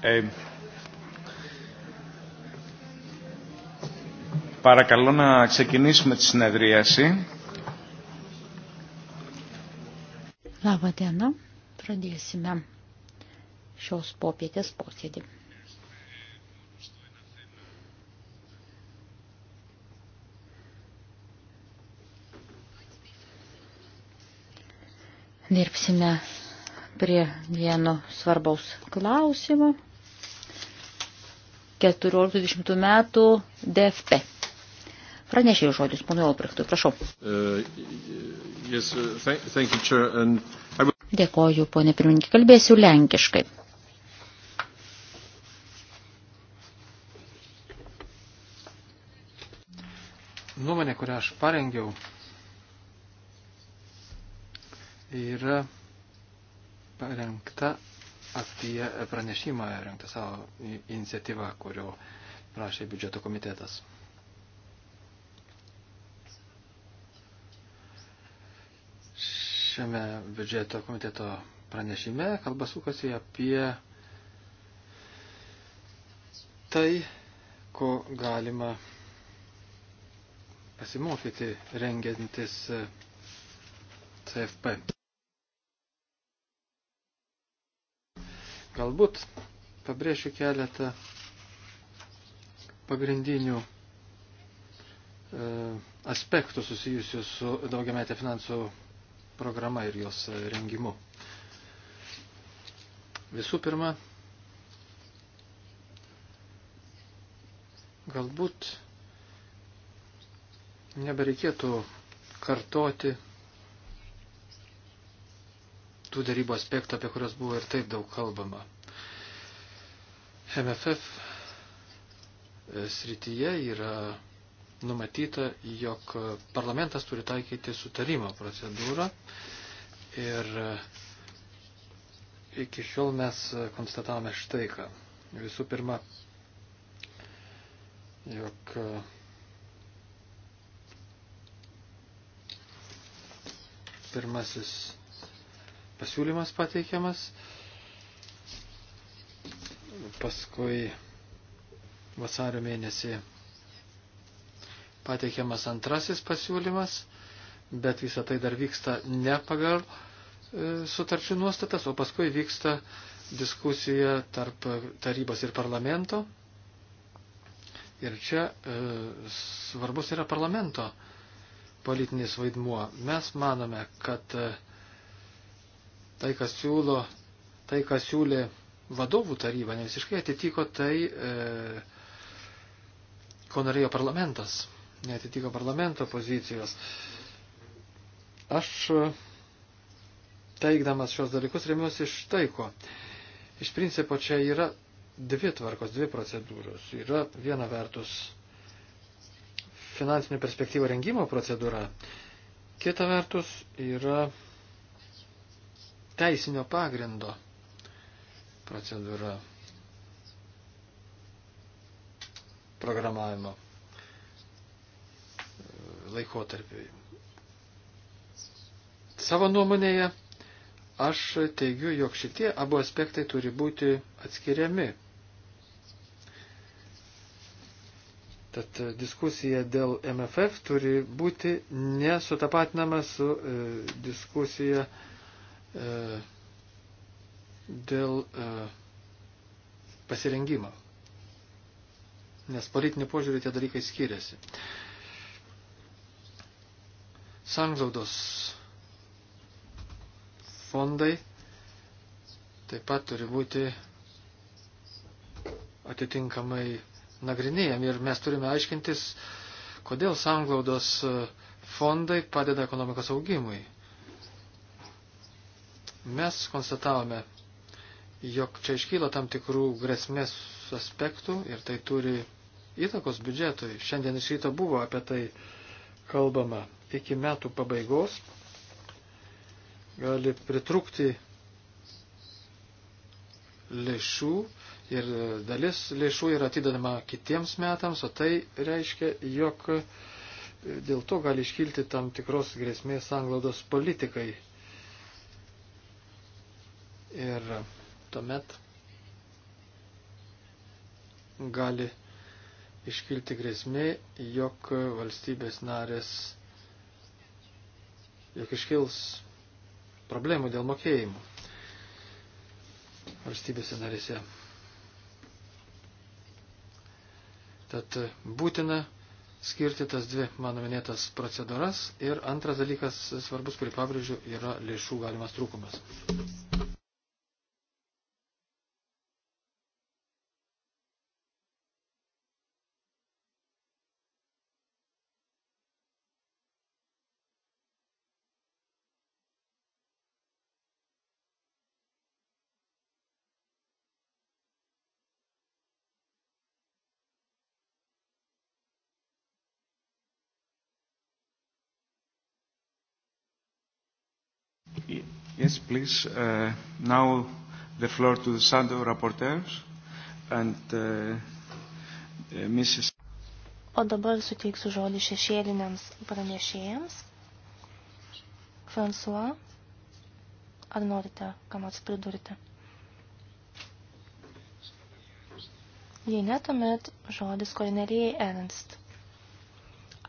Ε, παρακαλώ να ξεκινήσουμε τη συνεδρίαση. Labą dieną, pradėsime šios popietės posėdį. Dirbsime prie vieno svarbaus klausimo. 14-20 metų DFP. Pranešėjau žodis, ponui Olbrechtui, prašau. Uh, yes, uh, thank, thank you, chair, and I will... Dėkoju, ponė pirmininkė, kalbėsiu lenkiškai. Nuomonė, kurią aš parengiau, yra parengta apie pranešimą renktą savo iniciatyvą, kurio prašė biudžeto komitetas. Šiame biudžeto komiteto pranešime kalba sukasi apie tai, ko galima pasimokyti rengiantis CFP. Galbūt pabrėšiu keletą pagrindinių e, aspektų susijusių su daugiametė finansų programa ir jos rengimu. Visų pirma, galbūt nebereikėtų kartoti tų darybų aspektų, apie kurios buvo ir taip daug kalbama. MFF e, srityje yra numatyta, jog parlamentas turi taikyti sutarimo procedūrą ir e, iki šiol mes konstatavome štai ką. Visų pirma, jog e, pirmasis pasiūlymas pateikiamas paskui vasario mėnesį pateikiamas antrasis pasiūlymas, bet visa tai dar vyksta ne pagal e, sutarčių nuostatas, o paskui vyksta diskusija tarp tarybos ir parlamento. Ir čia e, svarbus yra parlamento politinis vaidmuo. Mes manome, kad e, tai, kas siūlo, tai, kas siūlė vadovų taryba ne visiškai atitiko tai, e, ko norėjo parlamentas, neatitiko parlamento pozicijos. Aš e, teikdamas šios dalykus remiuosi iš taiko. Iš principo čia yra dvi tvarkos, dvi procedūros. Yra viena vertus finansinių perspektyvų rengimo procedūra, kita vertus yra teisinio pagrindo procedūra programavimo laikotarpiui. Savo nuomonėje aš teigiu, jog šitie abu aspektai turi būti atskiriami. Tad diskusija dėl MFF turi būti nesutapatinama su e, diskusija e, dėl e, pasirengimo. Nes politinių požiūrį tie dalykai skiriasi. Sanglaudos fondai taip pat turi būti atitinkamai nagrinėjami ir mes turime aiškintis, kodėl sanglaudos e, fondai padeda ekonomikos augimui. Mes konstatavome jog čia iškyla tam tikrų grėsmės aspektų ir tai turi įtakos biudžetui. Šiandien iš ryto buvo apie tai kalbama. Iki metų pabaigos gali pritrūkti lėšų ir dalis lėšų yra atidedama kitiems metams, o tai reiškia, jog dėl to gali iškilti tam tikros grėsmės anglaudos politikai. Ir tuomet gali iškilti grėsmė, jog valstybės narės, jog iškils problemų dėl mokėjimų valstybėse narėse. Tad būtina skirti tas dvi mano minėtas procedūras ir antras dalykas svarbus, kurį pabrėžiu, yra lėšų galimas trūkumas. Yes, please. Uh, now the floor to the shadow rapporteurs and uh, uh Mrs. O dabar suteiksiu žodį šešėliniams pranešėjams. François, ar norite kam nors pridurti? Jei ne, tuomet žodis Kornelijai Ernst.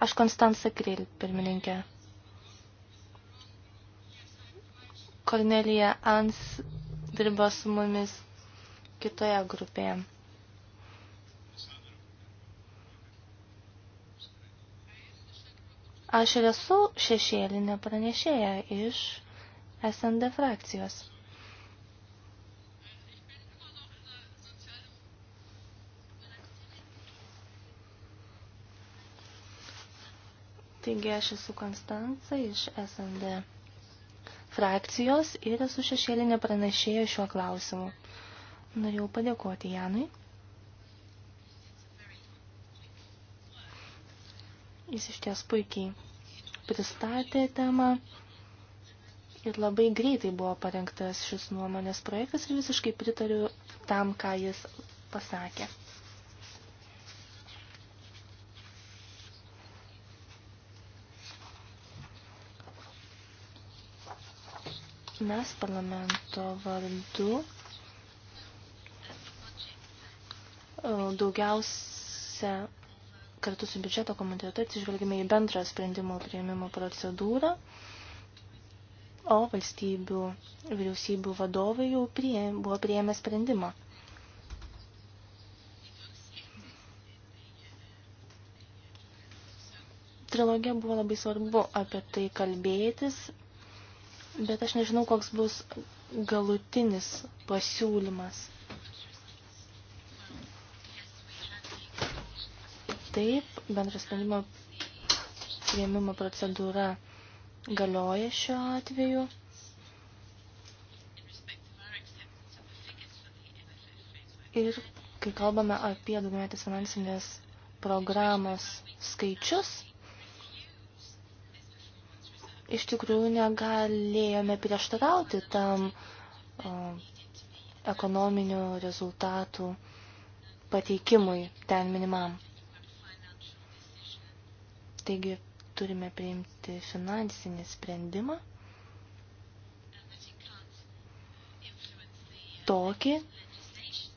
Aš Konstanca Kril, pirmininkė. Kornelija Ans dirbo su mumis kitoje grupėje. Aš ir esu šešėlinė pranešėja iš SND frakcijos. Taigi aš esu Konstanca iš SND frakcijos ir esu šešėlinė pranešėja šiuo klausimu. Norėjau padėkoti Janui. Jis iš ties puikiai pristatė temą ir labai greitai buvo parengtas šis nuomonės projektas ir visiškai pritariu tam, ką jis pasakė. Mes parlamento vardu e, daugiausia kartu su biudžeto komitetu atsižvelgime į bendrą sprendimo prieimimo procedūrą, o valstybių vyriausybių vadovai jau prie, buvo prieėmę sprendimą. Trilogija buvo labai svarbu apie tai kalbėtis, Bet aš nežinau, koks bus galutinis pasiūlymas. Taip, bendras sprendimo prieimimo procedūra galioja šiuo atveju. Ir kai kalbame apie daugiametės finansinės programos skaičius, iš tikrųjų negalėjome prieštarauti tam o, ekonominių rezultatų pateikimui ten minimam. Taigi turime priimti finansinį sprendimą tokį,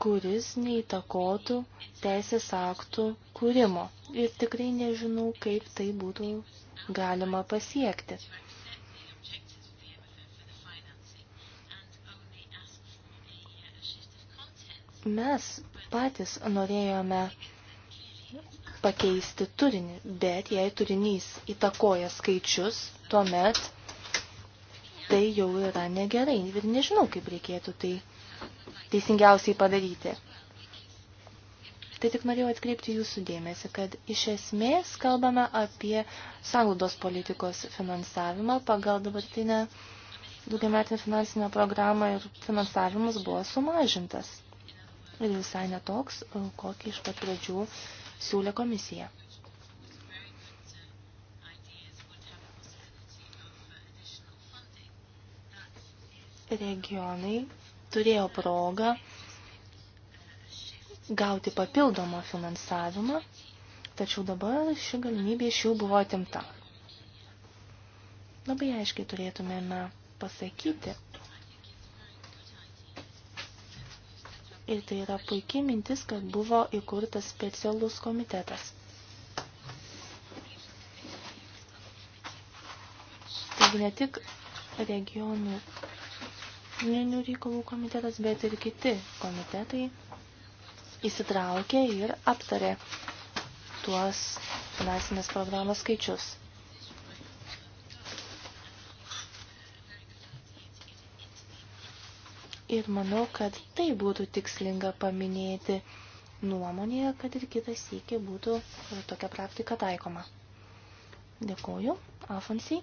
kuris neįtakotų teisės aktų kūrimo. Ir tikrai nežinau, kaip tai būtų galima pasiekti. Mes patys norėjome pakeisti turinį, bet jei turinys įtakoja skaičius, tuomet tai jau yra negerai ir nežinau, kaip reikėtų tai teisingiausiai padaryti. Tai tik norėjau atkreipti jūsų dėmesį, kad iš esmės kalbame apie sąlaudos politikos finansavimą pagal dabartinę daugiametinę finansinę programą ir finansavimas buvo sumažintas ir visai netoks, e, kokį iš pat pradžių siūlė komisija. Regionai turėjo progą gauti papildomą finansavimą, tačiau dabar ši galimybė iš jų buvo atimta. Labai aiškiai turėtumėme pasakyti, Ir tai yra puikiai mintis, kad buvo įkurtas specialus komitetas. Taigi ne tik regionų ninių reikalų komitetas, bet ir kiti komitetai įsitraukė ir aptarė tuos finansinės programos skaičius. ir manau, kad tai būtų tikslinga paminėti nuomonėje, kad ir kitas sėkiai būtų e, tokia praktika taikoma. Dėkuoju. Afonsi.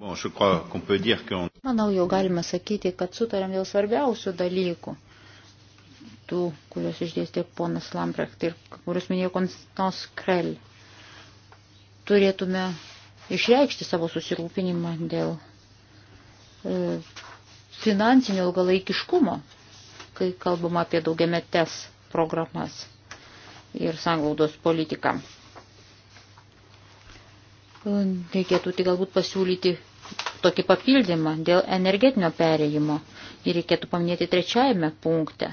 Bon, crois, dire, Manau, jau galima sakyti, kad sutarėm dėl svarbiausių dalykų. Tų, kuriuos išdėstė ponas Lambrecht ir kuriuos minėjo Konstans Krell. Turėtume išreikšti savo susirūpinimą dėl e, finansinio ilgalaikiškumo, kai kalbama apie daugiametes programas ir sanglaudos politiką. Reikėtų tik galbūt pasiūlyti tokį papildymą dėl energetinio perėjimo. Ir reikėtų paminėti trečiajame punkte.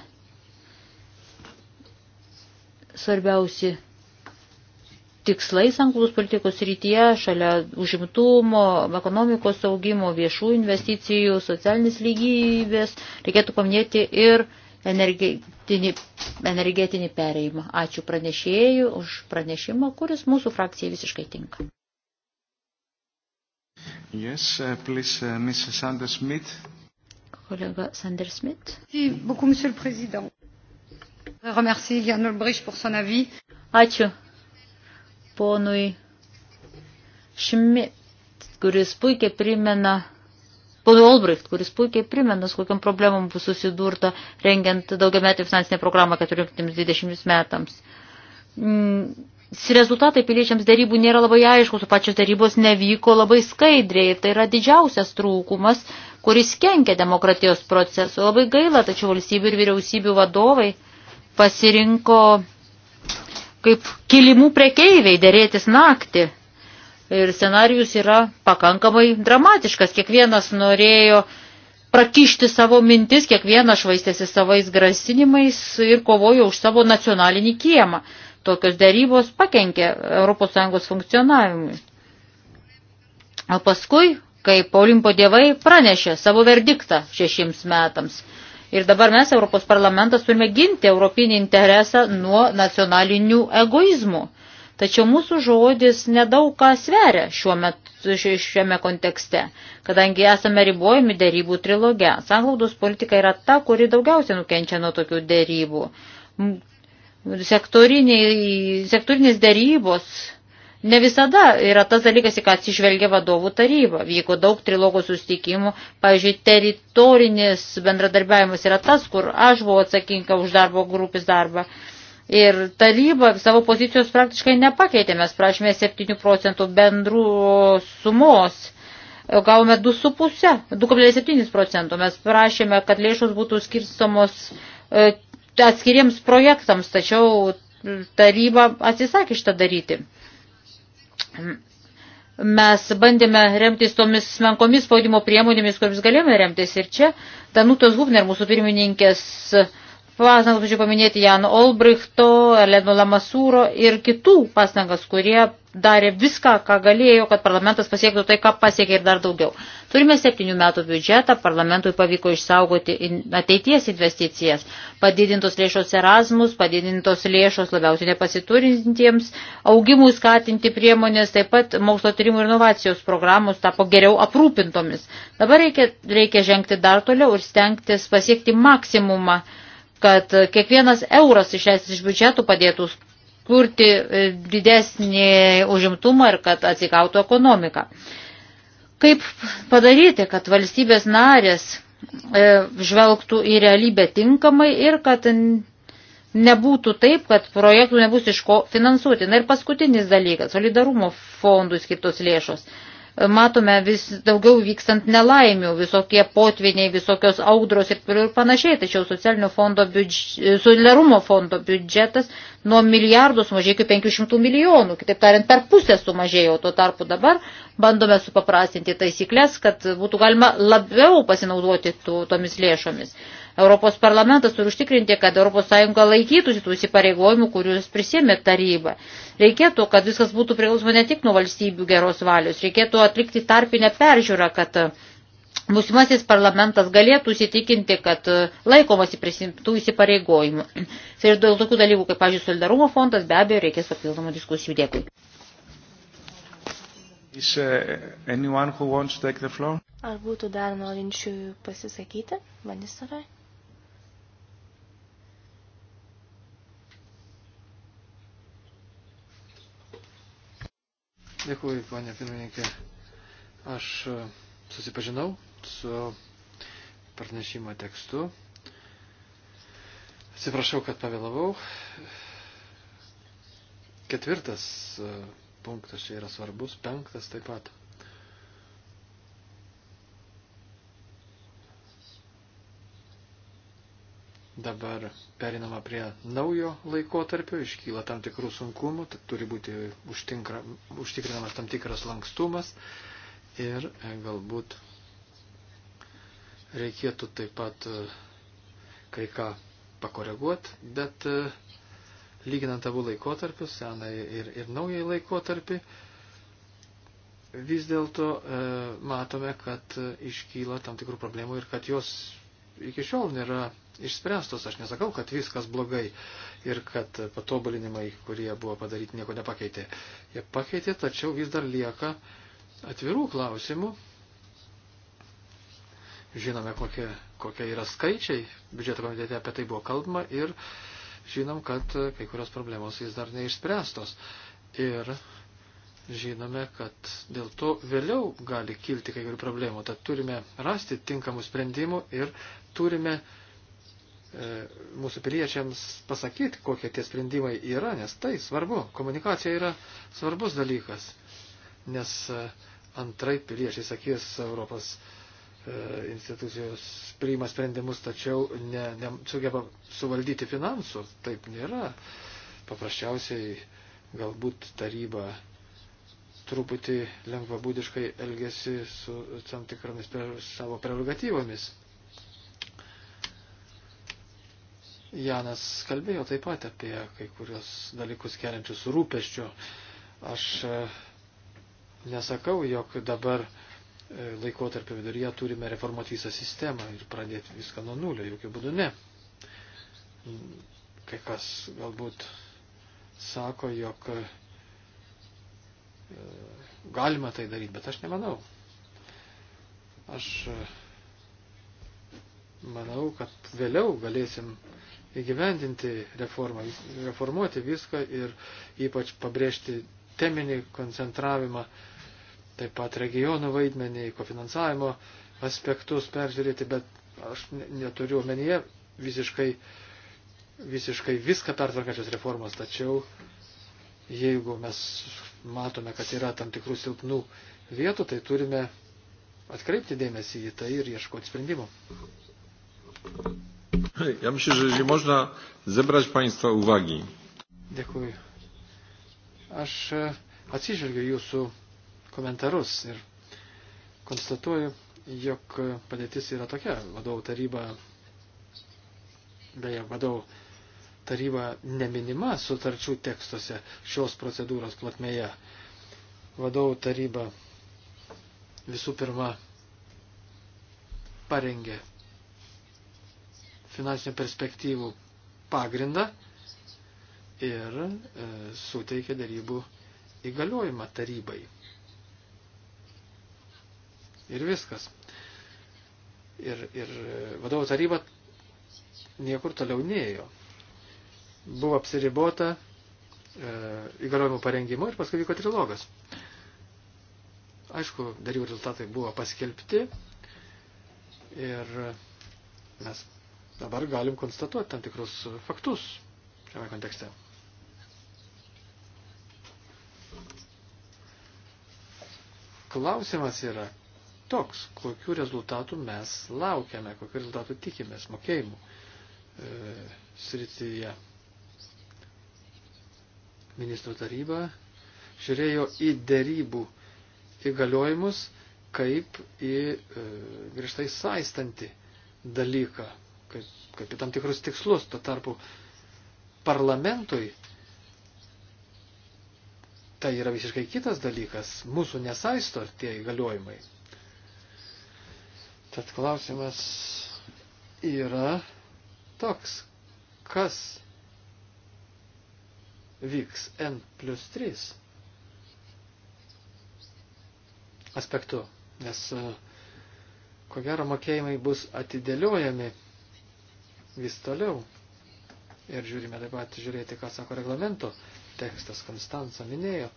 Svarbiausi tikslai sanglus politikos rytyje, šalia užimtumo, ekonomikos augimo, viešų investicijų, socialinis lygybės, reikėtų paminėti ir energetinį, energetinį pereimą. Ačiū pranešėjų už pranešimą, kuris mūsų frakcijai visiškai tinka. Yes, uh, please, uh, Mrs. Sander Smith. Kolega Sander Smith. Merci beaucoup, Monsieur le Président. Remercier Jan Olbrich pour son avis. Ačiū ponui Šmit, kuris puikiai primena, ponui Olbricht, kuris puikiai primena, su kokiam problemam bus susidurta rengiant daugiametį finansinę programą 14-20 metams. Mm, rezultatai piliečiams darybų nėra labai aiškus, o pačios darybos nevyko labai skaidriai ir tai yra didžiausias trūkumas, kuris kenkia demokratijos procesui. Labai gaila, tačiau valstybių ir vyriausybių vadovai pasirinko kaip kilimų prekeiviai dėrėtis naktį. Ir scenarius yra pakankamai dramatiškas. Kiekvienas norėjo prakišti savo mintis, kiekvienas švaistėsi savais grasinimais ir kovojo už savo nacionalinį kiemą. Tokios dėrybos pakenkė ES funkcionavimui. O paskui, kai Olimpo dievai pranešė savo verdiktą šešiems metams – Ir dabar mes, Europos parlamentas, turime ginti europinį interesą nuo nacionalinių egoizmų. Tačiau mūsų žodis nedaug ką sveria šiuo metu, šiame kontekste, kadangi esame ribojami dėrybų triloge. Sanglaudos politika yra ta, kuri daugiausiai nukenčia nuo tokių dėrybų. Sektoriniai, sektorinės dėrybos Ne visada yra tas dalykas, į ką atsižvelgia vadovų taryba. Vyko daug trilogų sustikimų. Pavyzdžiui, teritorinis bendradarbiavimas yra tas, kur aš buvau atsakinga už darbo grupės darbą. Ir taryba savo pozicijos praktiškai nepakeitė. Mes prašėme 7 procentų bendrų sumos. Gavome 2,7 procentų. Mes prašėme, kad lėšos būtų skirstomos e, atskiriems projektams, tačiau taryba atsisakė šitą daryti mes bandėme remtis tomis menkomis spaudimo priemonėmis, kuriomis galėjome remtis. Ir čia Danutos Hubner, mūsų pirmininkės, uh, pastangas, tačiau paminėti Jano Olbrichto, Eleno Lamasūro ir kitų pastangas, kurie darė viską, ką galėjo, kad parlamentas pasiektų tai, ką pasiekė ir dar daugiau. Turime septynių metų biudžetą, parlamentui pavyko išsaugoti ateities investicijas, padidintos lėšos Erasmus, padidintos lėšos labiausiai nepasiturintiems, augimui skatinti priemonės, taip pat mokslo tyrimų ir inovacijos programos tapo geriau aprūpintomis. Dabar reikia, reikia žengti dar toliau ir stengtis pasiekti maksimumą kad e, kiekvienas euras išleistas iš biudžetų padėtų kurti e, didesnį užimtumą ir kad atsigautų ekonomiką. Kaip padaryti, kad valstybės narės e, žvelgtų į realybę tinkamai ir kad nebūtų taip, kad projektų nebus iš ko finansuoti. Na ir paskutinis dalykas – solidarumo fondų skirtos lėšos matome vis daugiau vykstant nelaimių, visokie potviniai, visokios audros ir panašiai, tačiau socialinio fondo, biudž... solidarumo fondo biudžetas nuo milijardų sumažėjo iki 500 milijonų, kitaip tariant, per pusę sumažėjo, tuo tarpu dabar bandome supaprastinti taisyklės, kad būtų galima labiau pasinaudoti tų, tomis lėšomis. Europos parlamentas turi užtikrinti, kad ES laikytųsi tų įsipareigojimų, kuriuos prisėmė taryba. Reikėtų, kad viskas būtų priklausoma ne tik nuo valstybių geros valios, reikėtų atlikti tarpinę peržiūrą, kad e, Būsimasis parlamentas galėtų įsitikinti, kad e, laikomasi prisimtų įsipareigojimų. Ir dėl tokių dalykų, kaip, pavyzdžiui, solidarumo fondas, be abejo, reikės papildomų diskusijų. Dėkui. Is, uh, Ar būtų dar norinčių pasisakyti, Vanisarai? Dėkuoju, ponė pirmininkė. Aš e, susipažinau su pranešimo tekstu. Atsiprašau, kad pavėlavau. Ketvirtas e, punktas čia yra svarbus, penktas taip pat. Dabar perinama prie naujo laikotarpio, iškyla tam tikrų sunkumų, turi būti užtinkra, užtikrinamas tam tikras lankstumas ir e, galbūt reikėtų taip pat e, kai ką pakoreguoti, bet e, lyginant abu laikotarpius, seną ir, ir naują laikotarpį, vis dėlto e, matome, kad iškyla tam tikrų problemų ir kad jos iki šiol nėra išspręstos. Aš nesakau, kad viskas blogai ir kad patobulinimai, kurie buvo padaryti, nieko nepakeitė. Jie pakeitė, tačiau vis dar lieka atvirų klausimų. Žinome, kokie, kokie yra skaičiai, biudžeto komitete apie tai buvo kalbama ir žinom, kad kai kurios problemos vis dar neišspręstos. Ir žinome, kad dėl to vėliau gali kilti kai kurių problemų. Tad turime rasti tinkamų sprendimų ir turime E, mūsų piliečiams pasakyti, kokie tie sprendimai yra, nes tai svarbu. Komunikacija yra svarbus dalykas, nes e, antrai piliečiai sakys Europos e, institucijos priima sprendimus, tačiau ne, ne sugeba suvaldyti finansų. Taip nėra. Paprasčiausiai galbūt taryba truputį lengvabūdiškai elgesi su tam tikromis per savo prerogatyvomis. Janas kalbėjo taip pat apie kai kurios dalykus keliančius rūpeščių. Aš e, nesakau, jog dabar e, laikotarpio viduryje turime reformuoti visą sistemą ir pradėti viską nuo nulio, jokių būdų ne. Kai kas galbūt sako, jog e, galima tai daryti, bet aš nemanau. Aš manau, kad vėliau galėsim įgyvendinti reformą, reformuoti viską ir ypač pabrėžti teminį koncentravimą, taip pat regionų vaidmenį, kofinansavimo aspektus peržiūrėti, bet aš neturiu omenyje visiškai, visiškai viską pertvarkačios reformos, tačiau jeigu mes matome, kad yra tam tikrų silpnų vietų, tai turime atkreipti dėmesį į tai ir ieškoti sprendimų. Ja myślę, że jeśli można zebrać Państwa uwagi. Dziękuję. Aš e, atsižvelgiu jūsų komentarus ir konstatuoju, jog e, padėtis yra tokia. Vadovų taryba, beje, vadovų taryba neminima sutarčių tekstuose šios procedūros platmėje. Vadovų taryba visų pirma parengė finansinių perspektyvų pagrindą ir e, suteikė darybų įgaliojimą tarybai. Ir viskas. Ir, ir e, vadovų taryba niekur toliau nėjo. Buvo apsiribota e, įgaliojimų parengimu ir paskui vyko trilogas. Aišku, darybų rezultatai buvo paskelbti ir mes dabar galim konstatuoti tam tikrus faktus šiame kontekste. Klausimas yra toks, kokiu rezultatu mes laukiame, kokiu rezultatu tikimės mokėjimų e, srityje. Ministrų taryba žiūrėjo į dėrybų įgaliojimus kaip į e, grįžtai saistanti dalyką kaip, kaip į tam tikrus tikslus. Tuo tarpu parlamentui tai yra visiškai kitas dalykas. Mūsų nesaisto tie įgaliojimai. Tad klausimas yra toks, kas vyks N plus 3 aspektu, nes e, ko gero mokėjimai bus atidėliojami vis toliau. Ir žiūrime taip pat žiūrėti, ką sako reglamento tekstas. Konstanca minėjo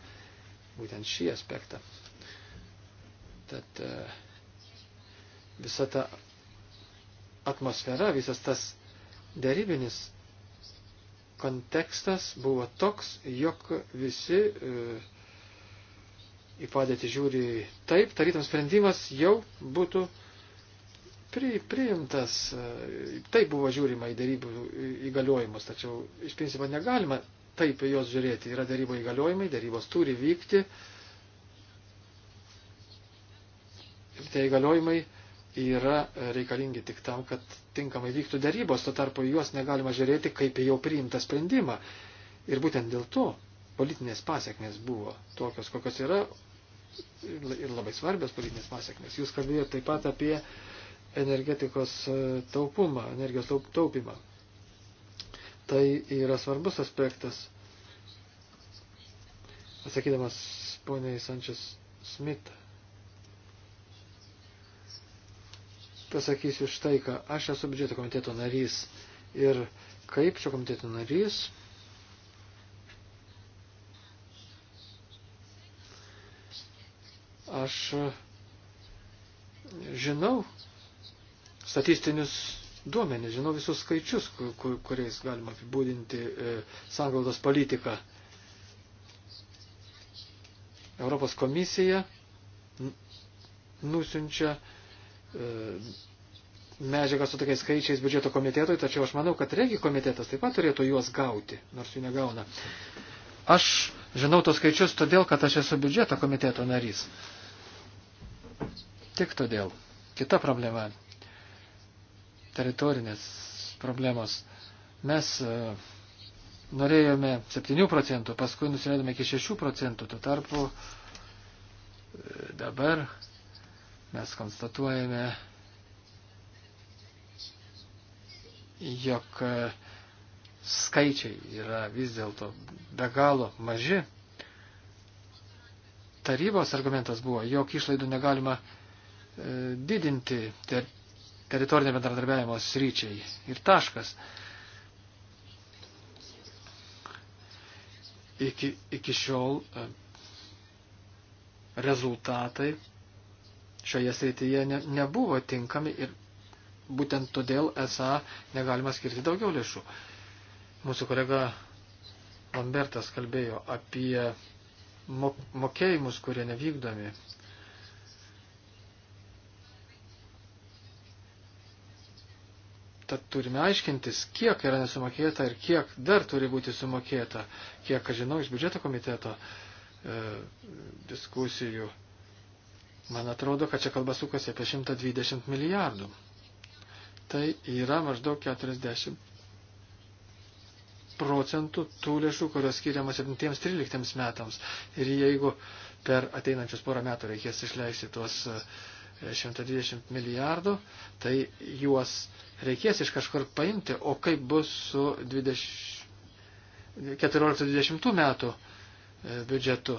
būtent šį aspektą. Tad e, visa ta atmosfera, visas tas dėrybinis kontekstas buvo toks, jog visi e, į padėtį žiūri taip, tarytum sprendimas jau būtų uh, pri, priimtas, e, taip buvo žiūrima į darybų įgaliojimus, tačiau iš principo negalima taip jos žiūrėti. Yra darybų įgaliojimai, darybos turi vykti. Ir tie įgaliojimai yra reikalingi tik tam, kad tinkamai vyktų darybos, tuo tarpu juos negalima žiūrėti kaip jau priimtą sprendimą. Ir būtent dėl to politinės pasiekmes buvo tokios, kokios yra ir labai svarbios politinės pasiekmes. Jūs kalbėjote taip pat apie uh, energetikos e, taupumą, energijos taupimą. Tai yra svarbus aspektas. Atsakydamas poniai Sančias Smith, pasakysiu štai ką. Aš esu biudžeto komiteto narys ir kaip šio komiteto narys aš žinau, statistinius duomenis, žinau visus skaičius, kur, kur, kuriais galima apibūdinti e, sanglaudos politiką. Europos komisija nusinčia e, medžiagą su tokiais skaičiais biudžeto komitetui, tačiau aš manau, kad regi komitetas taip pat turėtų juos gauti, nors jų negauna. Aš žinau tos skaičius todėl, kad aš esu biudžeto komiteto narys. Tik todėl. Kita problema teritorinės problemos. Mes e, norėjome 7 procentų, paskui nusileidome iki 6 procentų. Tuo tarpu e, dabar mes konstatuojame, jog e, skaičiai yra vis dėlto be galo maži. Tarybos argumentas buvo, jog išlaidų negalima didinti teritorinio bendradarbiavimo sryčiai ir taškas. Iki, iki šiol e, rezultatai šioje srityje ne, nebuvo tinkami ir būtent todėl esą negalima skirti daugiau lėšų. Mūsų kolega Lambertas kalbėjo apie mokėjimus, kurie nevykdomi Tad turime aiškintis, kiek yra nesumokėta ir kiek dar turi būti sumokėta, kiek, aš žinau, iš biudžeto komiteto e, diskusijų. Man atrodo, kad čia kalba sukasi apie 120 milijardų. Tai yra maždaug 40 procentų tų lėšų, kurios skiriamas 7-13 metams. Ir jeigu per ateinančius porą metų reikės išleisti tuos e, 120 milijardų, tai juos reikės iš kažkur paimti, o kaip bus su 14-20 metų e, biudžetu.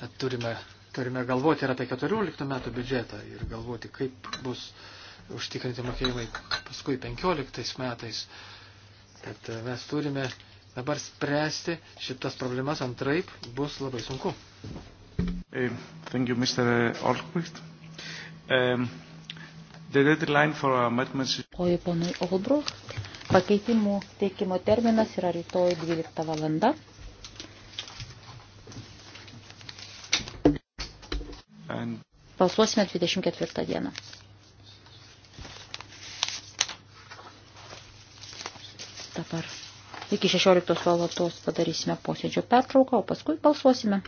Tad turime, turime galvoti ir apie 14 metų biudžetą ir galvoti, kaip bus uh, užtikrinti mokėjimai paskui 15 metais. Kad e, mes turime dabar spręsti šitas problemas, antraip bus labai sunku. Thank you, Mr. Eh, Olkvist. Um, the deadline for amendments... Oju, ponui Olbrucht. Pakeitimų teikimo terminas yra rytoj 12 valanda. Balsuosime 24 dieną. dabar. Iki 16 valandos padarysime posėdžio pertrauką, o paskui balsuosime.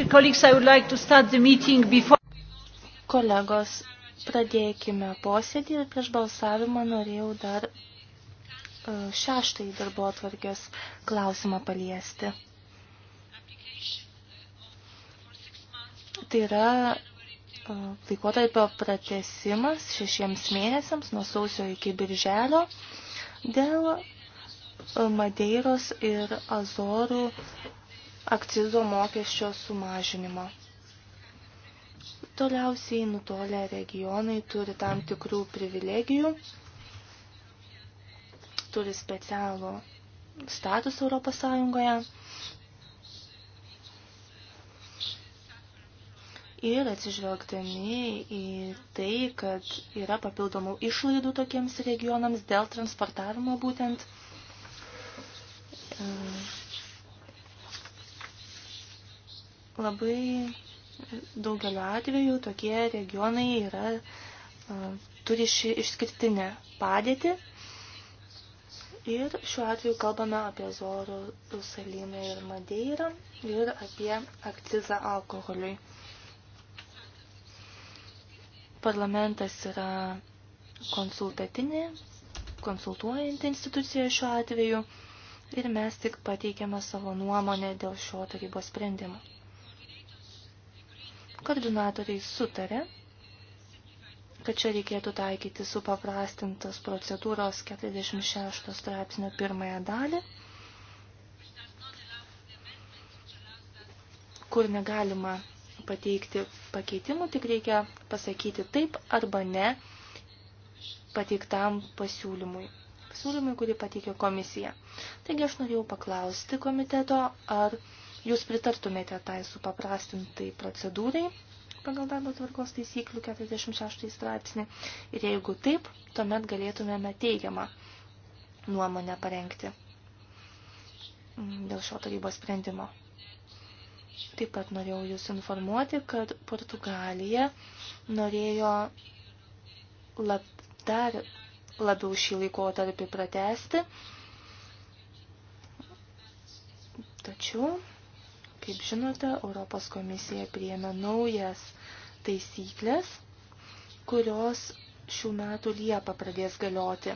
Dear colleagues, I would like to start the meeting before... Kolegos, pradėkime posėdį ir prieš balsavimą norėjau dar e, šeštąjį darbo atvarkės klausimą paliesti. Tai yra e, laikotarpio pratesimas šešiems mėnesiams nuo sausio iki birželio dėl e, Madeiros ir Azorų akcizo mokesčio sumažinimo. Toliausiai nutolę regionai turi tam tikrų privilegijų, turi specialų status Europos Sąjungoje ir atsižvelgdami į tai, kad yra papildomų išlaidų tokiems regionams dėl transportavimo būtent. E, Labai daugeliu atveju tokie regionai yra, turi šį išskirtinę padėtį. Ir šiuo atveju kalbame apie Zorų, Salyną ir Madeirą ir apie akcizą alkoholiui. Parlamentas yra konsultatinė, konsultuojanti institucija šiuo atveju ir mes tik pateikėme savo nuomonę dėl šio tarybos sprendimo. Koordinatoriai sutarė, kad čia reikėtų taikyti supaprastintas procedūros 46 straipsnio pirmąją dalį, kur negalima pateikti pakeitimų, tik reikia pasakyti taip arba ne pateiktam pasiūlymui. Pasiūlymui, kurį pateikė komisija. Taigi aš norėjau paklausti komiteto, ar Jūs pritartumėte tai supaprastintai procedūrai pagal darbo tvarkos taisyklių 46 straipsnį ir jeigu taip, tuomet galėtumėme teigiamą nuomonę parengti dėl šio tarybos sprendimo. Taip pat norėjau Jūs informuoti, kad Portugalija norėjo lab, dar labiau šį laikotarpį pratesti, tačiau Kaip žinote, Europos komisija priėmė naujas taisyklės, kurios šių metų Liepą pradės galioti.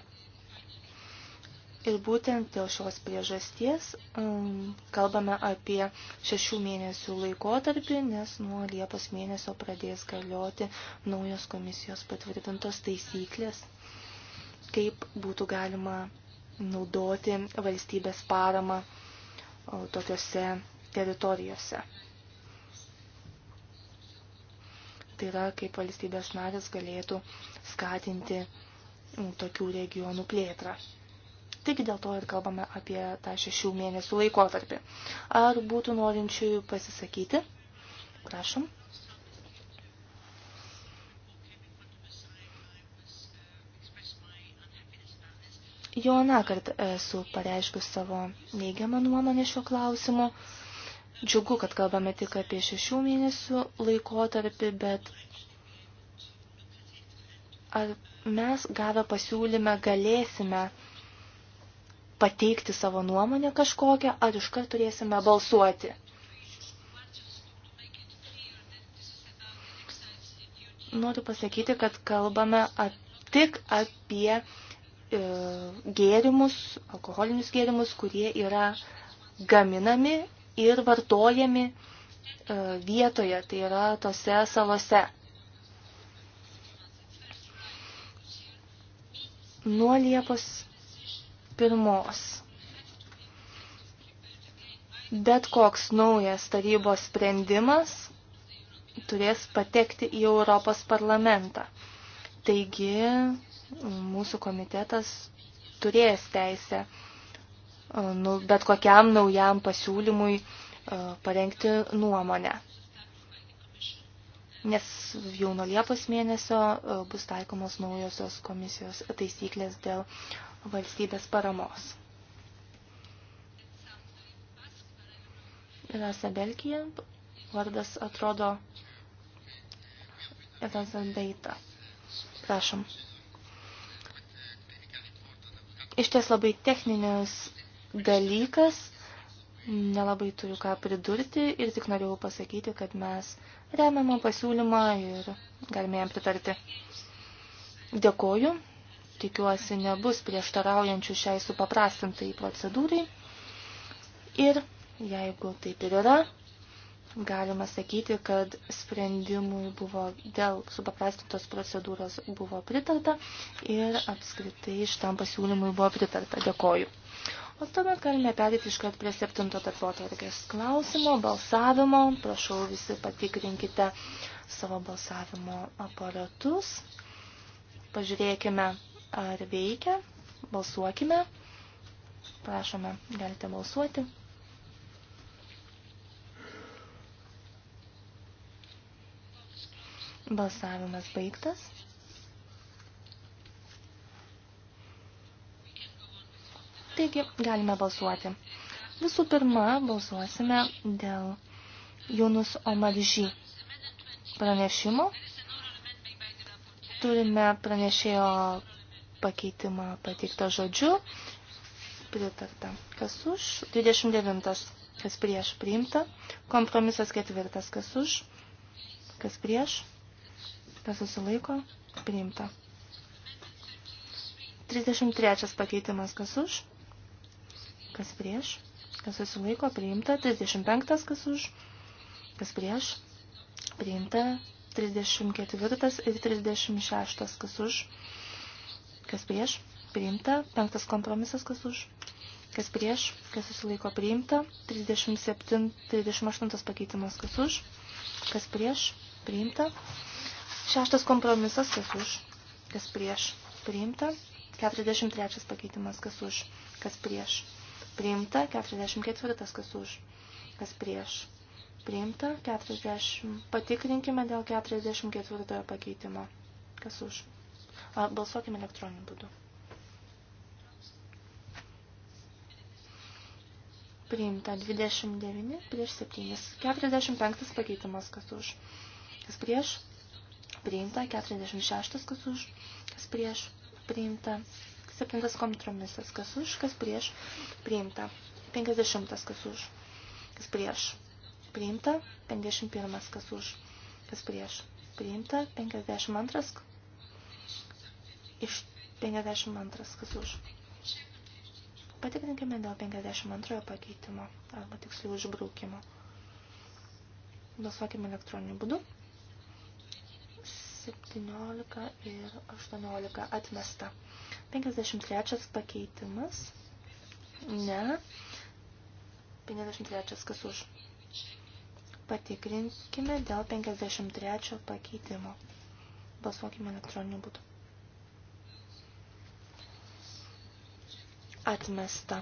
Ir būtent dėl šios priežasties um, kalbame apie šešių mėnesių laikotarpį, nes nuo Liepos mėnesio pradės galioti naujos komisijos patvirtintos taisyklės, kaip būtų galima naudoti valstybės paramą o, tokiuose teritorijose. Tai yra, kaip valstybės narės galėtų skatinti mm, tokių regionų plėtrą. Tik dėl to ir kalbame apie tą šešių mėnesių laikotarpį. Ar būtų norinčių pasisakyti? Prašom. Jau anakart esu pareiškus savo neigiamą nuomonę šiuo klausimu. Džiugu, kad kalbame tik apie šešių mėnesių laikotarpį, bet ar mes gavę pasiūlymę galėsime pateikti savo nuomonę kažkokią, ar iškart turėsime balsuoti? Noriu pasakyti, kad kalbame tik apie e, gėrimus, alkoholinius gėrimus, kurie yra gaminami ir vartojami e, vietoje, tai yra tose salose. Nuo Liepos pirmos. Bet koks naujas tarybos sprendimas turės patekti į Europos parlamentą. Taigi mūsų komitetas turės teisę uh, nu, bet kokiam naujam pasiūlymui parengti nuomonę. Nes jau nuo Liepos mėnesio bus taikomos naujosios komisijos taisyklės dėl valstybės paramos. Rasa Belkija, vardas atrodo Razandeita. Prašom. Iš ties labai techninis dalykas. Nelabai turiu ką pridurti ir tik norėjau pasakyti, kad mes remiamą pasiūlymą ir galime jam pritarti. Dėkoju, tikiuosi nebus prieštaraujančių šiai supaprastintai procedūrai ir jeigu taip ir yra, galima sakyti, kad sprendimui buvo dėl supaprastintos procedūros buvo pritarta ir apskritai šitam pasiūlymui buvo pritarta. Dėkoju. O tuomet galime perėti iškart prie septinto darbo tvarkės klausimo, balsavimo. Prašau visi patikrinkite savo balsavimo aparatus. Pažiūrėkime, ar veikia. Balsuokime. Prašome, galite balsuoti. Balsavimas baigtas. Taigi, galime balsuoti. Visų pirma, balsuosime dėl Junus Omaržy pranešimo. Turime pranešėjo pakeitimą pateiktą žodžiu. Pritarta. Kas už? 29. Kas prieš priimta. Kompromisas ketvirtas. Kas už? Kas prieš? Kas susilaiko? Priimta. 33 pakeitimas. Kas už? kas prieš, kas susilaiko, priimta, 35, kas už, kas prieš, priimta, 34 ir 36, kas už, kas prieš, priimta, 5 kompromisas, kas už, kas prieš, kas susilaiko, priimta, 37, 38 pakeitimas, kas už, kas prieš, priimta, 6 kompromisas, kas už, kas prieš, priimta, 43 pakeitimas, kas už, kas prieš, priimta, 44 kas už, kas prieš. Priimta, 40, patikrinkime dėl 44 pakeitimo, kas už. A, balsuokime elektroniniu būdu. Priimta 29 prieš 7. 45 pakeitimas, kas už. Kas prieš? Priimta 46, kas už. Kas prieš? Priimta Septintas kompromisas, kas už, kas prieš, priimta. Penkiasdešimtas, kas už, kas prieš, priimta. Penkiasdešimt pirmas, kas už, kas prieš, priimta. Penkiasdešimt antras, iš penkiasdešimt antras, kas už. Patikrinkime dėl 52 pakeitimo arba tiksliau išbraukimo. Balsuokime elektroniniu būdu. 17 ir 18 atmesta. 53 pakeitimas. Ne. 53 kas už. Patikrinkime dėl 53 pakeitimo. Balsuokime elektroniniu būdu. Atmesta.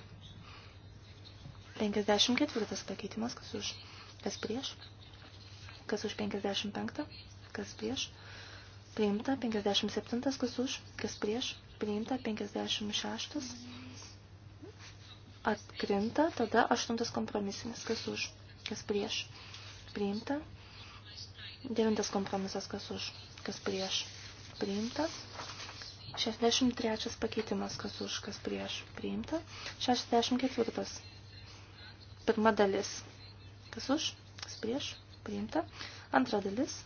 54 pakeitimas, kas už, kas prieš, kas už 55, kas prieš, priimta, 57, kas už, kas prieš, priimta, 56 atkrinta, tada 8 kompromisinis, kas už, kas prieš, priimta, 9 kompromisas, kas už, kas prieš, priimta, 63 pakeitimas, kas už, kas prieš, priimta, 64 pirma dalis, kas už, kas prieš, priimta, antra dalis,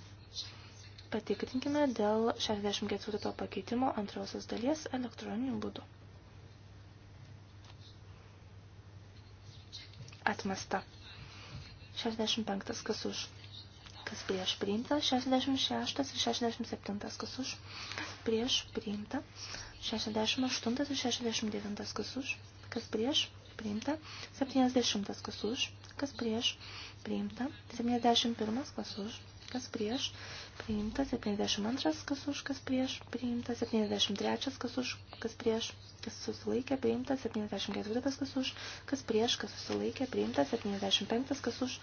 patikrinkime dėl 64 pakeitimo antrosios dalies elektroniniu būdu. Atmesta. 65 kas už. Kas prieš priimta. 66 ir 67 kas už. Kas prieš priimta. 68 ir 69 kas už. Kas prieš priimta. 70 kas už. Kas prieš priimta. 71 kas už kas prieš, priimta 72, kas už, kas prieš, priimta 73, kas už, kas prieš, kas susilaikė, priimta 74, kas už, kas prieš, kas susilaikė, priimta 75, kas už,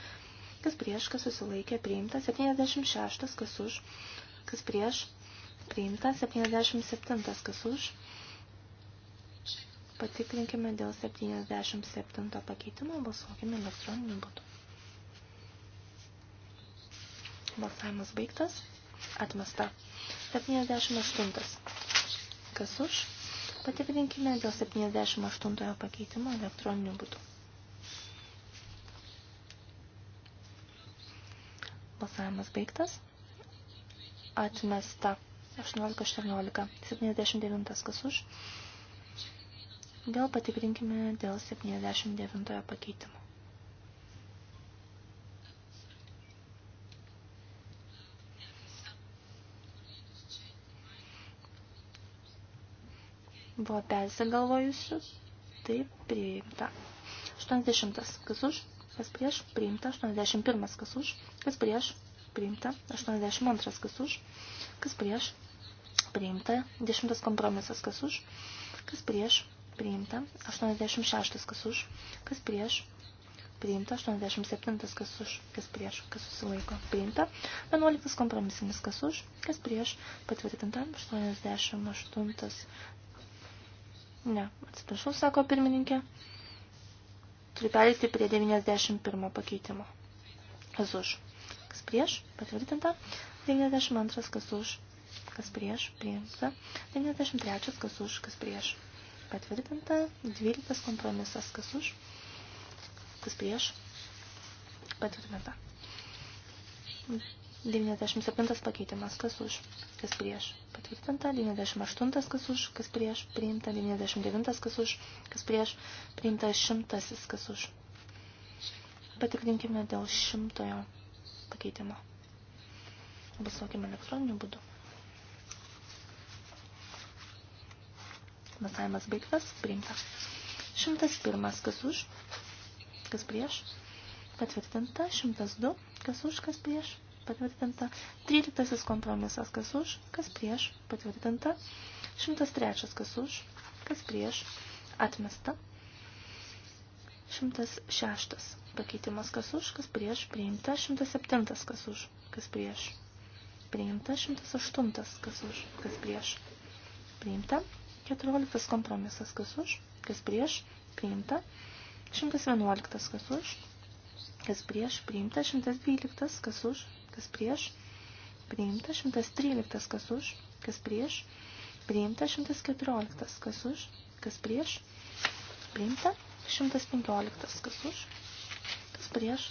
kas prieš, kas susilaikė, priimta 76, kas už, kas prieš, priimta 77, kas už. Patikrinkime dėl 77 pakeitimo, balsuokime elektroniniu būdu. Balsavimas baigtas. Atmesta. 78. Kas už? Patikrinkime dėl 78 pakeitimo elektroniniu būdu. Balsavimas baigtas. Atmesta. 18.14. 79. Kas už? Dėl patikrinkime dėl 79 pakeitimo. buvo persigalvojusių, taip priimta. 80. Kas už, kas prieš, priimta. 81. Kas už, kas prieš, priimta. 82. Kas už, kas prieš, priimta. 10. Kompromisas. Kas už, kas prieš, priimta. 86. Kas už, kas prieš, priimta. 87. Kas už, kas prieš, kas susilaiko, priimta. 11. Kompromisinis. Kas už, kas prieš, patvirtinta. 88 Ne, atsiprašau, sako pirmininkė. Turiu pereiti prie 91 pakeitimo. Kas už? Kas prieš? Patvirtinta. 92 kas už? Kas prieš? Priimta. 93 kas už? Kas prieš? Patvirtinta. 12 kompromisas kas už? Kas prieš? Patvirtinta. 97 pakeitimas, kas už, kas prieš. Patvirtinta, 98 kas už, kas prieš, priimta, 99 kas už, kas prieš, priimta, 100 kas už. Patikrinkime dėl šimtojo pakeitimo. Balsuokime elektroniniu būdu. Balsavimas baigtas, priimta. 101 kas už, kas prieš, patvirtinta, 102 kas už, kas prieš, patvirtinta. 13 kompromisas, kas už, kas prieš, patvirtinta. 103 kas už, kas prieš, atmesta. 106 pakeitimas, kas už, kas prieš, priimta. 107 kas už, kas prieš, priimta. 108 kas už, kas prieš, priimta. 14 kompromisas, kas už, kas prieš, priimta. 111 kas už, kas prieš, priimta. 112 kas už, kas prieš, priimta 113, kas už, kas prieš, priimta 114, kas už, kas prieš, priimta 115, kas už, kas prieš,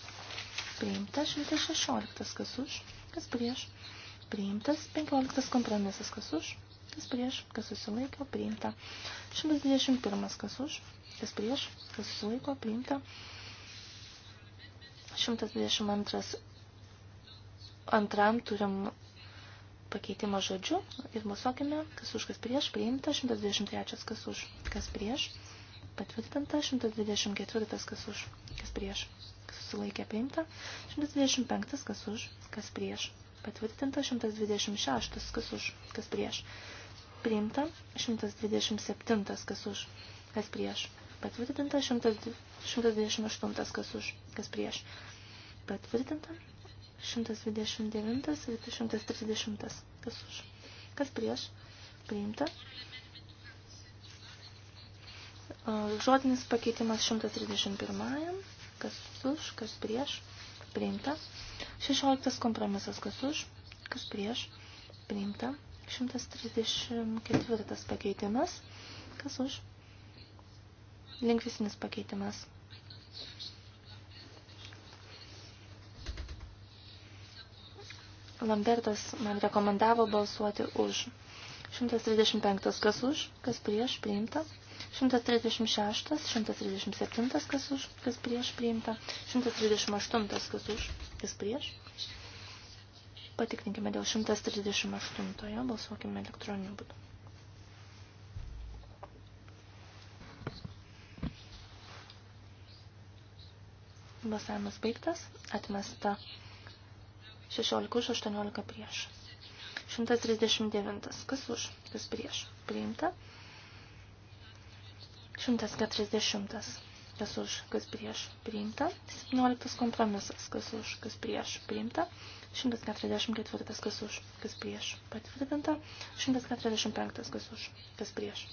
priimta 116, kas už, kas prieš, priimtas 15 kompromisas, kas už, kas prieš, kas susilaiko, priimta 121, kas už, kas prieš, kas susilaiko, priimta 122 Antram turim pakeitimą žodžiu ir balsuokime, kas už, kas prieš, priimta, 123, kas už, kas prieš, patvirtinta, 124, kas už, kas prieš, susilaikė priimta, 125, kas už, kas prieš, patvirtinta, 126, kas už, kas prieš, priimta, 127, kas už, kas prieš, patvirtinta, 128, kas už, kas prieš, patvirtinta, 129 ir 130. Kas už? Kas prieš? Priimta. Žodinis pakeitimas 131. Kas už? Kas prieš? Priimta. 16 kompromisas. Kas už? Kas prieš? Priimta. 134 pakeitimas. Kas už? Lingvisinis pakeitimas. Lambertas man rekomendavo balsuoti už. 135 kas už, kas prieš priimta. 136, 137 kas už, kas prieš priimta. 138 kas už, kas prieš. Patikrinkime dėl 138, ja, balsuokime elektroniniu būdu. Balsavimas baigtas, atmesta 16 už 18 prieš. 139. Kas už, kas prieš. Priimta. 140. Kas už, kas prieš. Priimta. 17 kompromisas. Kas už, kas prieš. Priimta. 144. Kas už, kas prieš. Patvirtinta. 145. Kas už, kas prieš.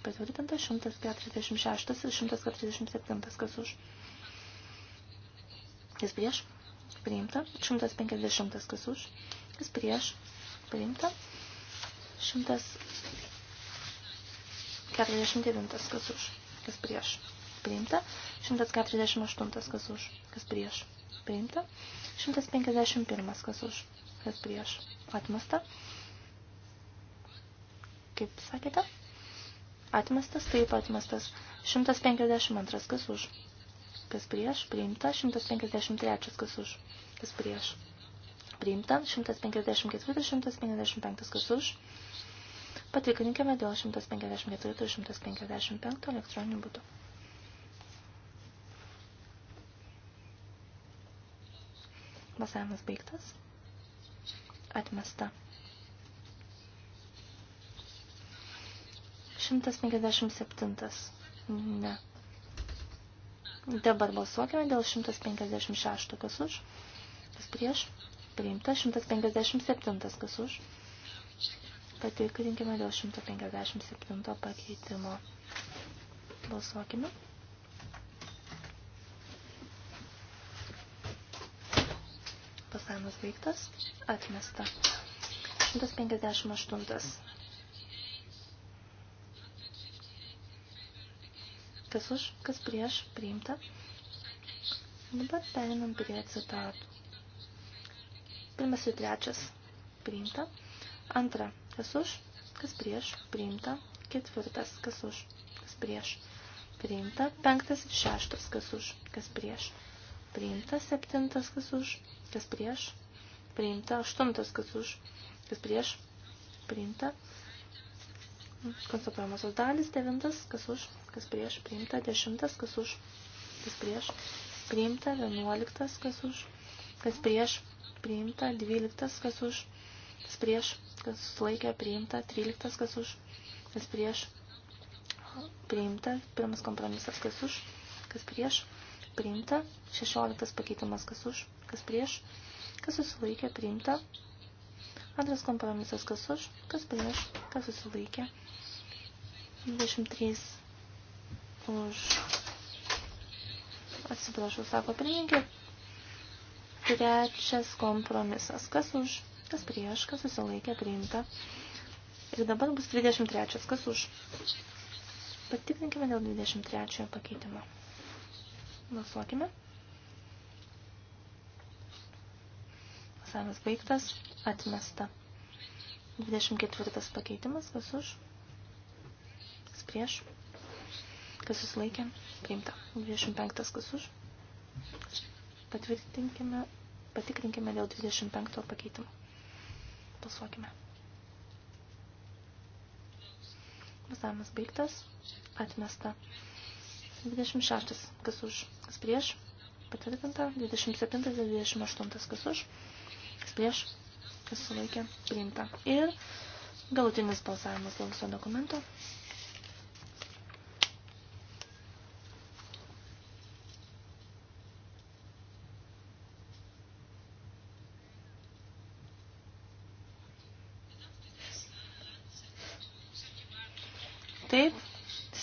Patvirtinta. 146 ir 147. Kas už. Kas prieš priimta, 150 kas už, kas prieš, priimta, 149 kas už, kas prieš, priimta, 148 kas už, kas prieš, priimta, 151 kas už, kas prieš, atmesta, kaip sakėte, atmestas, taip atmestas, 152 kas už, kas prieš, priimta, 153, kas už, kas prieš, priimta, 154, 155, kas už. Patikrinkime dėl 154 ir 155 elektroninių būdų. Balsavimas baigtas. Atmesta. 157. Ne. Dabar balsuokime dėl 156, kas už, kas prieš, priimta, 157, kas už. Patikrinkime dėl 157 pakeitimo. Balsuokime. Pasavimas baigtas, atmesta. 158. kas už, kas prieš, priimta. Dabar perinam prie citatų. Pirmas ir trečias, priimta. Antra, kas už, kas prieš, priimta. Ketvirtas, kas už, kas prieš, priimta. Penktas ir šeštas, kas už, kas prieš, priimta. Septintas, kas už, kas prieš, priimta. Aštuntas, kas už, kas prieš, priimta konstatuojamosios dalys, devintas, kas už, kas prieš, priimta, dešimtas, kas už, kas prieš, priimta, vienuoliktas, kas už, kas prieš, priimta, dvyliktas, kas už, kas prieš, kas sulaikė, priimta, tryliktas, kas už, kas prieš, priimta, pirmas kompromisas, kas už, kas prieš, priimta, šešioliktas pakeitimas, kas už, kas prieš, kas susilaikė, priimta, antras kompromisas, kas už, kas prieš, kas susilaikė, 23 už. Atsiprašau, sako pirmininkė. Trečias kompromisas. Kas už, kas prieš, kas susilaikė priimta. Ir dabar bus 23. Kas už? Patikrinkime dėl 23 pakeitimo. Balsuokime. Balsavimas baigtas, atmesta. 24 pakeitimas, kas už? kas prieš, kas susilaikė, priimta. 25 kas už. Patvirtinkime, patikrinkime dėl 25 pakeitimo. Balsuokime. Balsavimas baigtas, atmesta. 26 kas už, kas prieš, patvirtinta. 27 ir 28 kas už, kas prieš, kas sulaikė, priimta. Ir galutinis balsavimas dėl viso dokumento.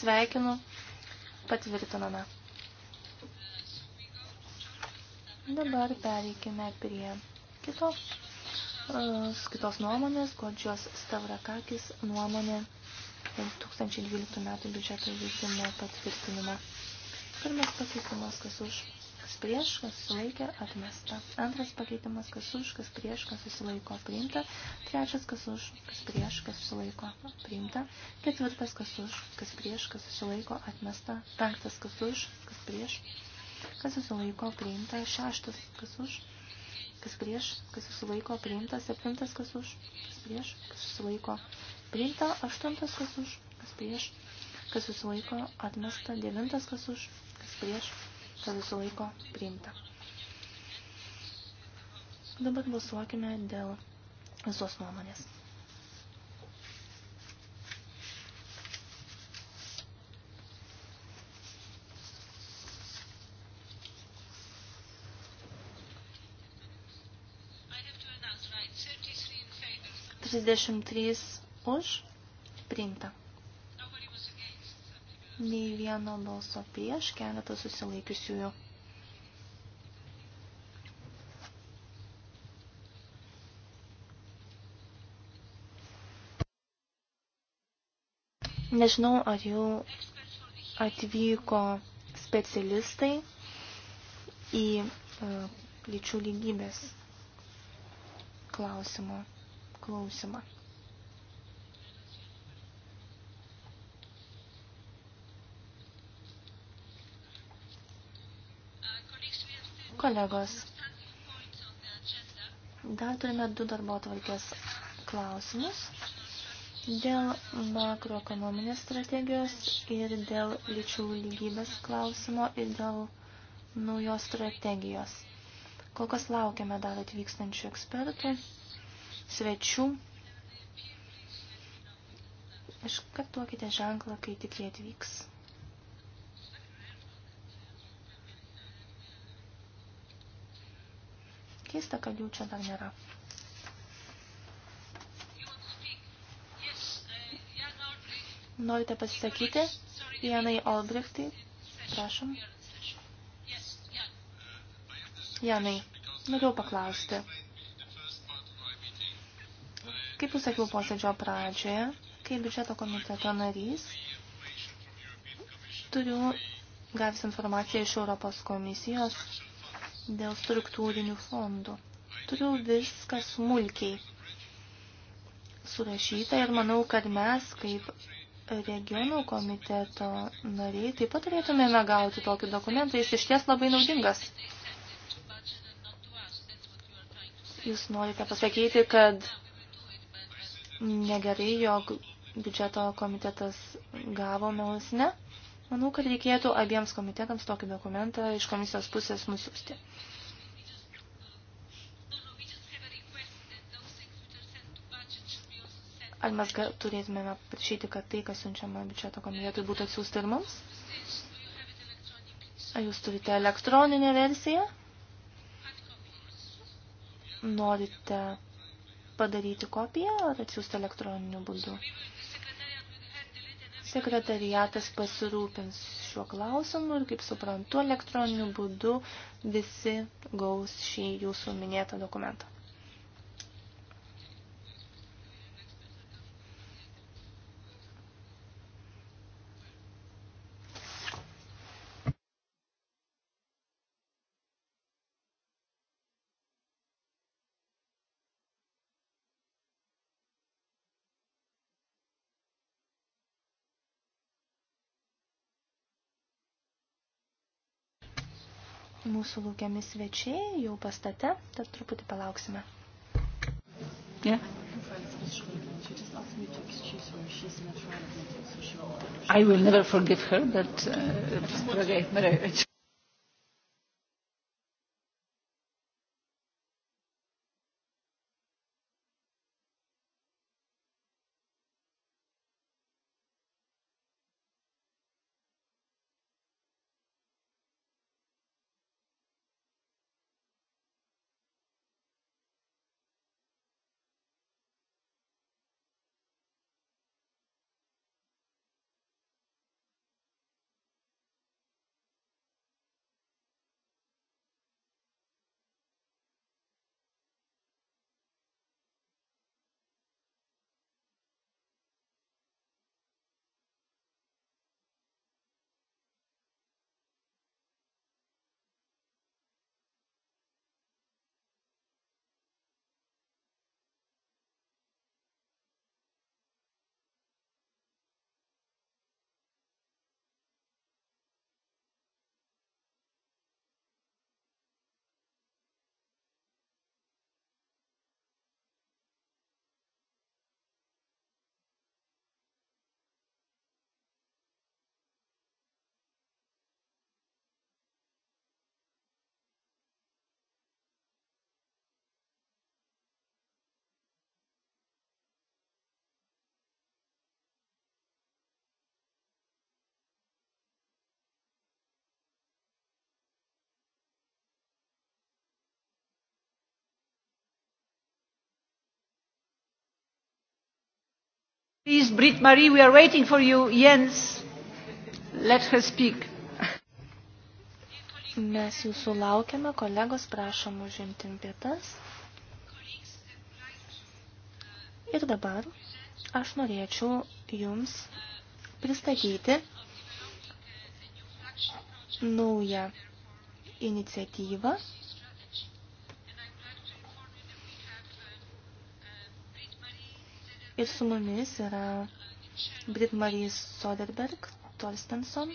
Sveikinu, patvirtiname. Dabar pereikime prie kitos, e, kitos nuomonės, kodžios Stavrakakis nuomonė 2012 metų biudžeto vykdymo patvirtinimą. Pirmas pakeitimas, kas už kas prieš, kas sulaikė, atmesta. Antras pakeitimas, kas už, kas prieš, kas susilaiko, priimta. Trečias, kas už, kas prieš, kas susilaiko, priimta. Ketvirtas, kas už, kas prieš, kas susilaiko, atmesta. Penktas, kas už, kas prieš, kas susilaiko, priimta. Šeštas, kas už, kas prieš, kas susilaiko, priimta. Septintas, kas už, kas prieš, kas susilaiko, priimta. Aštuntas, kas už, kas prieš, kas susilaiko, atmesta. Devintas, kas už, kas prieš, kas susilaiko priimta. Dabar balsuokime dėl visos nuomonės. Trisdešimt trys už priimta nei vieno balso prieš, keletą susilaikiusiųjų. Nežinau, ar jau atvyko specialistai į e, lyčių lygybės klausimo klausimą. Kolegos, dar turime du darbo atvarkės klausimus dėl makroekonominės strategijos ir dėl lyčių lygybės klausimo ir dėl naujos strategijos. Kol kas laukiame dar atvykstančių ekspertų, svečių. Iškartuokite ženklą, kai tik jie atvyks. keista, kad jų čia dar nėra. Norite pasisakyti? Janai Olbrichtai, prašom. Janai, norėjau paklausti. Kaip jūs sakiau posėdžio pradžioje, kaip biudžeto komiteto narys, turiu gavęs informaciją iš Europos komisijos dėl struktūrinių fondų. Turiu viską smulkiai surašyta ir manau, kad mes kaip regionų komiteto nariai taip pat turėtumėme gauti tokį dokumentą. Jis išties labai naudingas. Jūs norite pasakyti, kad negerai, jog biudžeto komitetas gavo ausne? Manau, kad reikėtų abiems komitetams tokį dokumentą iš komisijos pusės nusiųsti. Ar mes turėtumėme prašyti, kad tai, kas siunčiama biudžeto komitetui, būtų atsiųsta ir mums? Ar jūs turite elektroninę versiją? Norite padaryti kopiją ar atsiųsti elektroniniu būdu? Sekretariatas pasirūpins šiuo klausimu ir, kaip suprantu, elektroniniu būdu visi gaus šį jūsų minėtą dokumentą. mūsų laukiami svečiai jau pastate, tad truputį palauksime. Yeah. I will never forgive her, but uh, Please, Brit Marie, we are waiting for you. Jens, let her speak. Mes jūsų laukiame, kolegos, prašom užimti vietas. Ir dabar aš norėčiau jums pristatyti naują iniciatyvą Ir su mumis yra Britmarys Soderberg, Torstenson,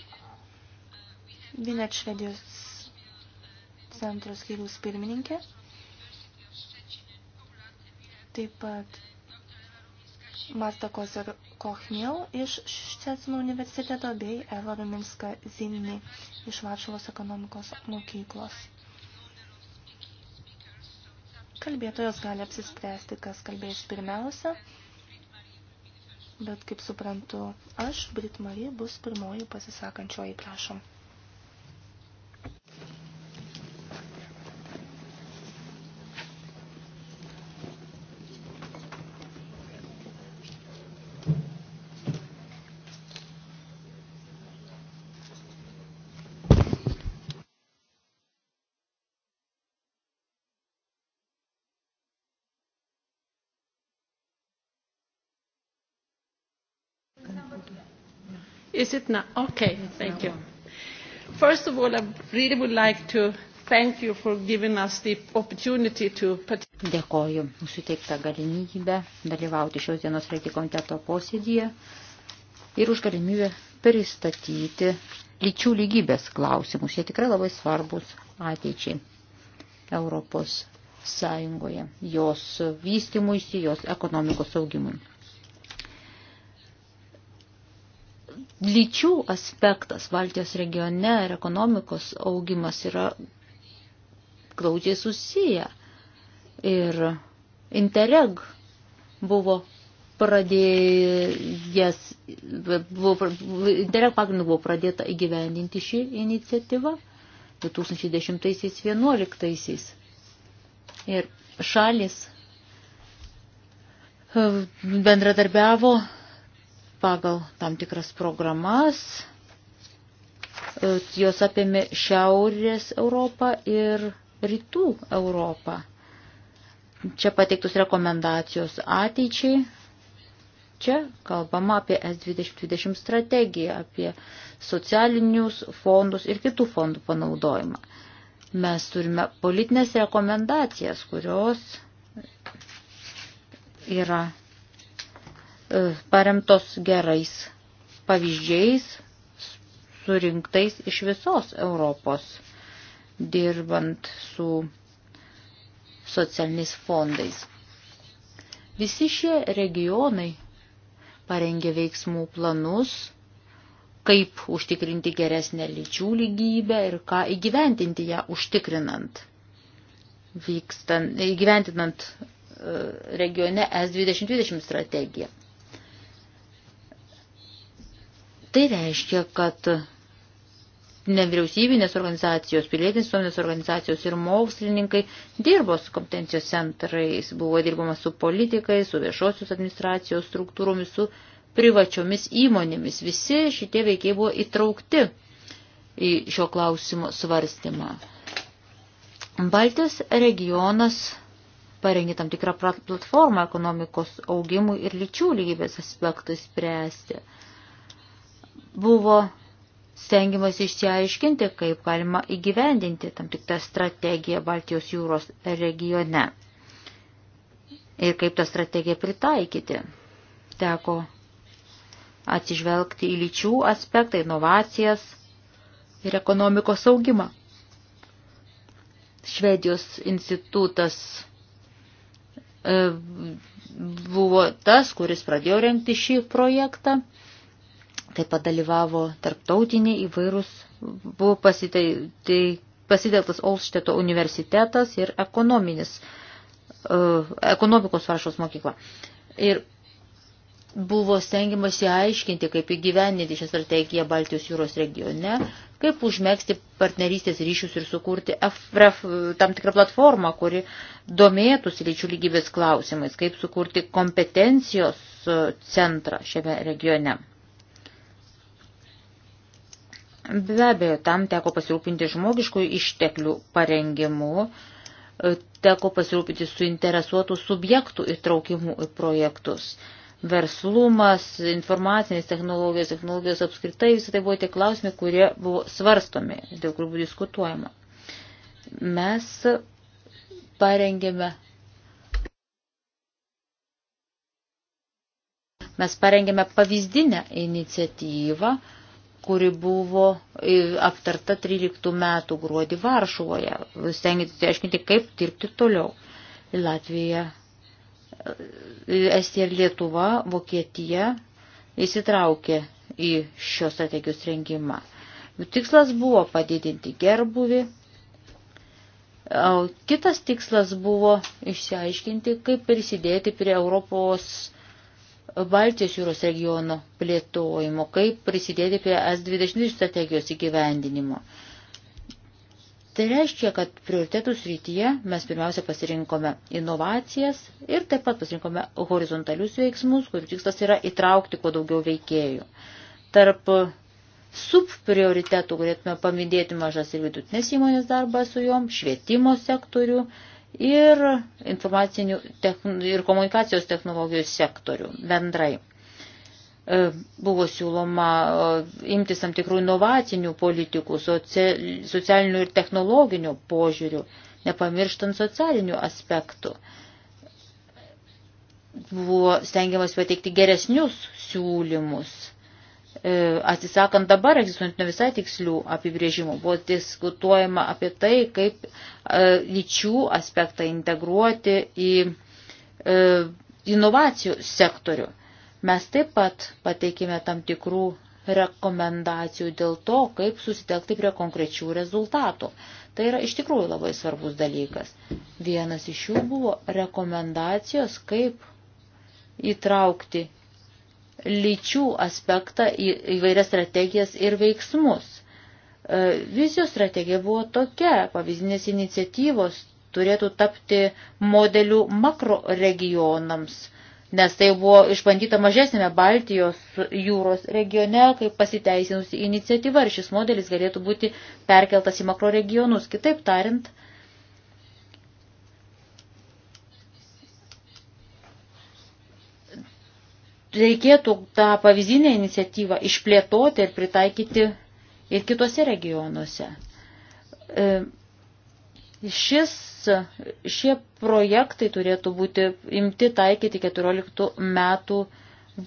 Vinet Švedijos centro skyriaus pirmininkė, taip pat Marta Kozer Kochmiel iš Ščecino universiteto bei Eva Ruminska Zinni iš Varšuvos ekonomikos mokyklos. Kalbėtojos gali apsispręsti, kas kalbės pirmiausia – bet kaip suprantu, aš, Brit Marija, bus pirmoji pasisakančioji, prašom. Is it now? Okay, thank you. First of all, I really would like to thank you for giving us the opportunity to Dėkoju už suteiktą galimybę dalyvauti šios dienos reikia komiteto posėdyje ir už galimybę pristatyti lyčių lygybės klausimus. Jie tikrai labai svarbus ateičiai Europos Sąjungoje, jos vystimuisi, jos ekonomikos augimui. lyčių aspektas Baltijos regione ir ekonomikos augimas yra glaudžiai susiję. Ir Interreg buvo pradėjęs, buvo, Interreg pagrindu buvo pradėta įgyvendinti šį iniciatyvą 2010-2011. Ir šalis e, bendradarbiavo pagal tam tikras programas. E, jos apėmė Šiaurės Europą ir Rytų Europą. Čia pateiktus rekomendacijos ateičiai. Čia kalbama apie S2020 strategiją, apie socialinius fondus ir kitų fondų panaudojimą. Mes turime politinės rekomendacijas, kurios yra paremtos gerais pavyzdžiais surinktais iš visos Europos, dirbant su socialiniais fondais. Visi šie regionai parengė veiksmų planus, kaip užtikrinti geresnę lyčių lygybę ir ką įgyventinti ją užtikrinant, vykstant, įgyventinant e, regione S2020 strategiją. Tai reiškia, kad nevyriausybinės organizacijos, pilietinės visuomenės organizacijos ir mokslininkai dirbo su kompetencijos centrais, buvo dirbama su politikais, su viešosios administracijos struktūromis, su privačiomis įmonėmis. Visi šitie veikiai buvo įtraukti į šio klausimo svarstymą. Baltijos regionas parengė tam tikrą platformą ekonomikos augimui ir lyčių lygybės aspektui spręsti buvo stengiamas išsiaiškinti, kaip galima įgyvendinti tam tikrą strategiją Baltijos jūros regione ir kaip tą strategiją pritaikyti. Teko atsižvelgti į lyčių aspektą, inovacijas ir ekonomikos augimą. Švedijos institutas e, buvo tas, kuris pradėjo renkti šį projektą Taip pat dalyvavo tarptautiniai įvairūs, buvo pasitai, tai pasiteltas Olšteto universitetas ir ekonominis, uh, ekonomikos varšos mokykla. Ir buvo stengiamasi aiškinti, kaip įgyveninti šią strategiją Baltijos jūros regione, kaip užmėgsti partnerystės ryšius ir sukurti FRF, tam tikrą platformą, kuri domėtųsi lyčių lygybės klausimais, kaip sukurti kompetencijos e, centrą šiame regione. Be abejo, tam teko pasirūpinti žmogiškų išteklių parengimu, e, teko pasirūpinti suinteresuotų subjektų įtraukimų į projektus. Verslumas, informacinės technologijos, technologijos apskritai, visą tai buvo tie klausimai, kurie buvo svarstomi, dėl kurių buvo diskutuojama. Mes parengėme mes parengėme pavyzdinę iniciatyvą, kuri buvo e, aptarta 13 metų gruodį Varšuvoje, stengiantis aiškinti, kaip dirbti toliau. Latvija, e, Estija ir Lietuva, Vokietija įsitraukė į šios strategijos rengimą. Jų tikslas buvo padidinti gerbuvi, o kitas tikslas buvo išsiaiškinti, kaip prisidėti prie Europos Baltijos jūros regiono plėtojimo, kaip prisidėti prie S20 strategijos įgyvendinimo. Tai reiškia, kad prioritetų srityje mes pirmiausia pasirinkome inovacijas ir taip pat pasirinkome horizontalius veiksmus, kurių tikslas yra įtraukti kuo daugiau veikėjų. Tarp subprioritetų galėtume paminėti mažas ir vidutinės įmonės darbą su juom, švietimo sektorių, ir informacinių ir komunikacijos technologijų sektorių bendrai. E, buvo siūloma e, imtis tam tikrų inovacinių politikų, socialinių ir technologinių požiūrių, nepamirštant socialinių aspektų. Buvo stengiamas pateikti geresnius siūlymus E, atsisakant dabar egzistuojant ne visai tikslių apibrėžimų, buvo diskutuojama apie tai, kaip e, lyčių aspektą integruoti į e, inovacijų sektorių. Mes taip pat pateikime tam tikrų rekomendacijų dėl to, kaip susitelkti prie konkrečių rezultatų. Tai yra iš tikrųjų labai svarbus dalykas. Vienas iš jų buvo rekomendacijos, kaip įtraukti lyčių aspektą į įvairias strategijas ir veiksmus. E, vizijos strategija buvo tokia, pavyzdinės iniciatyvos turėtų tapti modeliu makro regionams, nes tai buvo išbandyta mažesnėme Baltijos jūros regione, kaip pasiteisinusi iniciatyva ir šis modelis galėtų būti perkeltas į makro regionus. Kitaip tariant, reikėtų tą pavyzdinę iniciatyvą išplėtoti ir pritaikyti ir kitose regionuose. E, šis, šie projektai turėtų būti imti taikyti 14 metų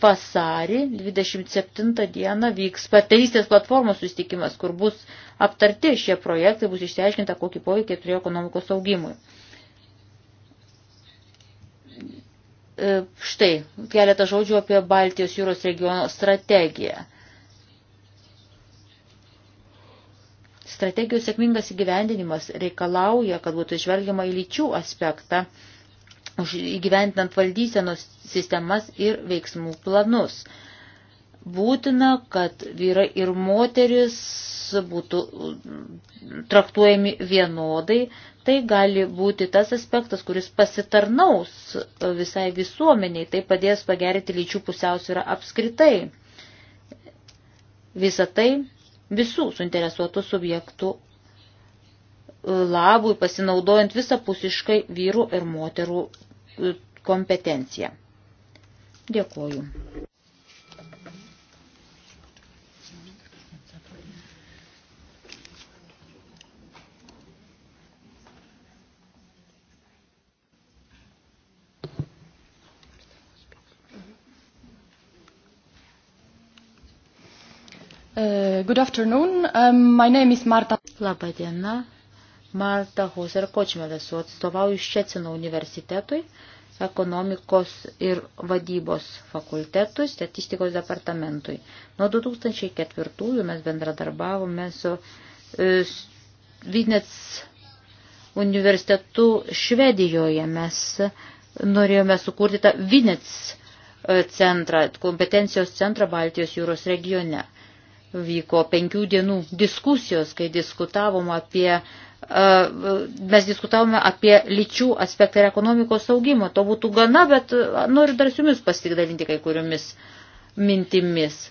vasarį, 27 dieną vyks patarystės platformos sustikimas, kur bus aptarti šie projektai, bus išsiaiškinta, kokį poveikį turėjo ekonomikos augimui. E, štai keletą žodžių apie Baltijos jūros regiono strategiją. Strategijos sėkmingas įgyvendinimas reikalauja, kad būtų išvelgiama į lyčių aspektą, įgyvendinant valdysenos sistemas ir veiksmų planus būtina, kad vyrai ir moteris būtų mm, traktuojami vienodai, tai gali būti tas aspektas, kuris pasitarnaus visai visuomeniai, tai padės pagerinti lyčių pusiausvyrą apskritai. Visą tai visų suinteresuotų subjektų e, labui pasinaudojant visapusiškai vyrų ir moterų e, kompetenciją. Dėkuoju. Uh, good afternoon. Um, my name is Marta. Labą dieną. Marta Huser Kočmelė su atstovauju Ščecino universitetui, ekonomikos ir vadybos fakultetui, statistikos departamentui. Nuo 2004 mes bendradarbavome su uh, e, Vinets universitetu Švedijoje. Mes norėjome sukurti tą Vinets e, centrą, kompetencijos centrą Baltijos jūros regione vyko penkių dienų diskusijos, kai diskutavom apie, mes diskutavome apie lyčių aspektą ir ekonomikos augimą. To būtų gana, bet noriu dar su jumis pasitikdalinti kai kuriomis mintimis.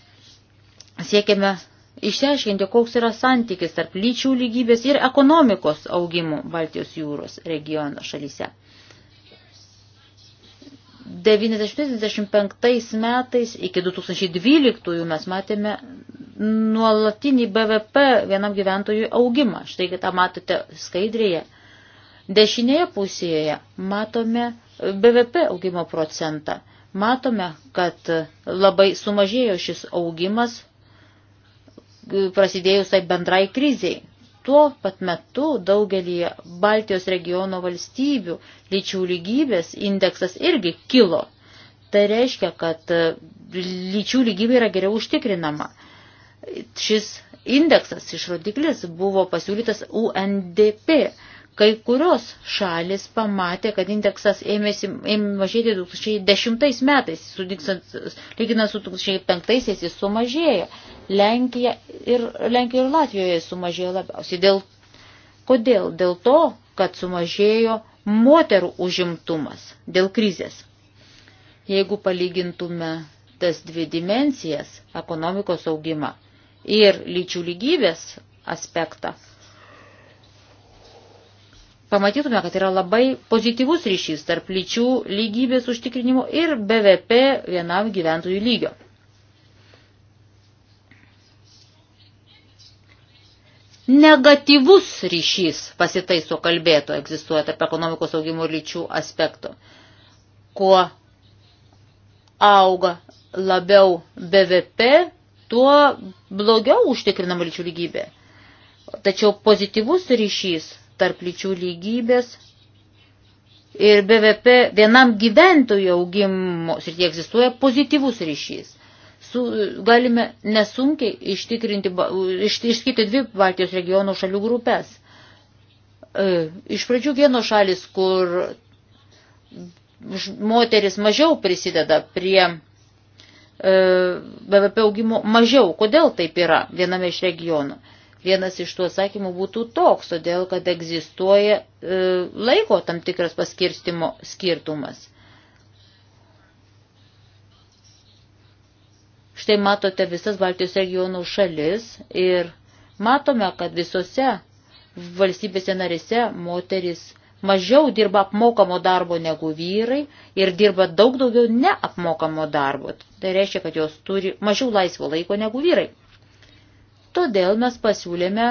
Siekėme išsiaiškinti, koks yra santykis tarp lyčių lygybės ir ekonomikos augimų Baltijos jūros regiono šalyse. 1995 metais iki 2012 mes matėme nuolatinį BVP vienam gyventojui augimą. Štai tą matote skaidrėje. Dešinėje pusėje matome BVP augimo procentą. Matome, kad labai sumažėjo šis augimas prasidėjus tai bendrai kriziai. Tuo pat metu daugelį Baltijos regiono valstybių lyčių lygybės indeksas irgi kilo. Tai reiškia, kad lyčių lygybė yra geriau užtikrinama. Šis indeksas, šis rodiklis buvo pasiūlytas UNDP. Kai kurios šalis pamatė, kad indeksas ėmėsi, ėmė mažėti 2010 metais, lyginant su 2005 jis sumažėjo. Lenkija ir, Lenkija ir Latvijoje sumažėjo labiausiai. Dėl, kodėl? Dėl to, kad sumažėjo moterų užimtumas dėl krizės. Jeigu palygintume tas dvi dimensijas – ekonomikos augimą ir lyčių lygybės aspektą, pamatytume, kad yra labai pozityvus ryšys tarp lyčių lygybės užtikrinimo ir BVP vienam gyventojų lygio. Negatyvus ryšys pasitaiso kalbėto egzistuoja tarp ekonomikos augimo ir lyčių aspektų. Kuo auga labiau BVP, tuo blogiau užtikrinama lyčių lygybė. Tačiau pozityvus ryšys tarp lyčių lygybės ir BVP vienam gyventojų augimo srityje egzistuoja pozityvus ryšys. Su, galime nesunkiai ištikrinti, iš, išskirti dvi Baltijos regionų šalių grupės. E, iš pradžių vienos šalis, kur moteris mažiau prisideda prie E, BVP augimo mažiau. Kodėl taip yra viename iš regionų? Vienas iš tų atsakymų būtų toks, todėl kad egzistuoja e, laiko tam tikras paskirstimo skirtumas. Štai matote visas Baltijos regionų šalis ir matome, kad visose valstybėse narėse moteris mažiau dirba apmokamo darbo negu vyrai ir dirba daug daugiau neapmokamo darbo. Tai reiškia, kad jos turi mažiau laisvo laiko negu vyrai. Todėl mes pasiūlėme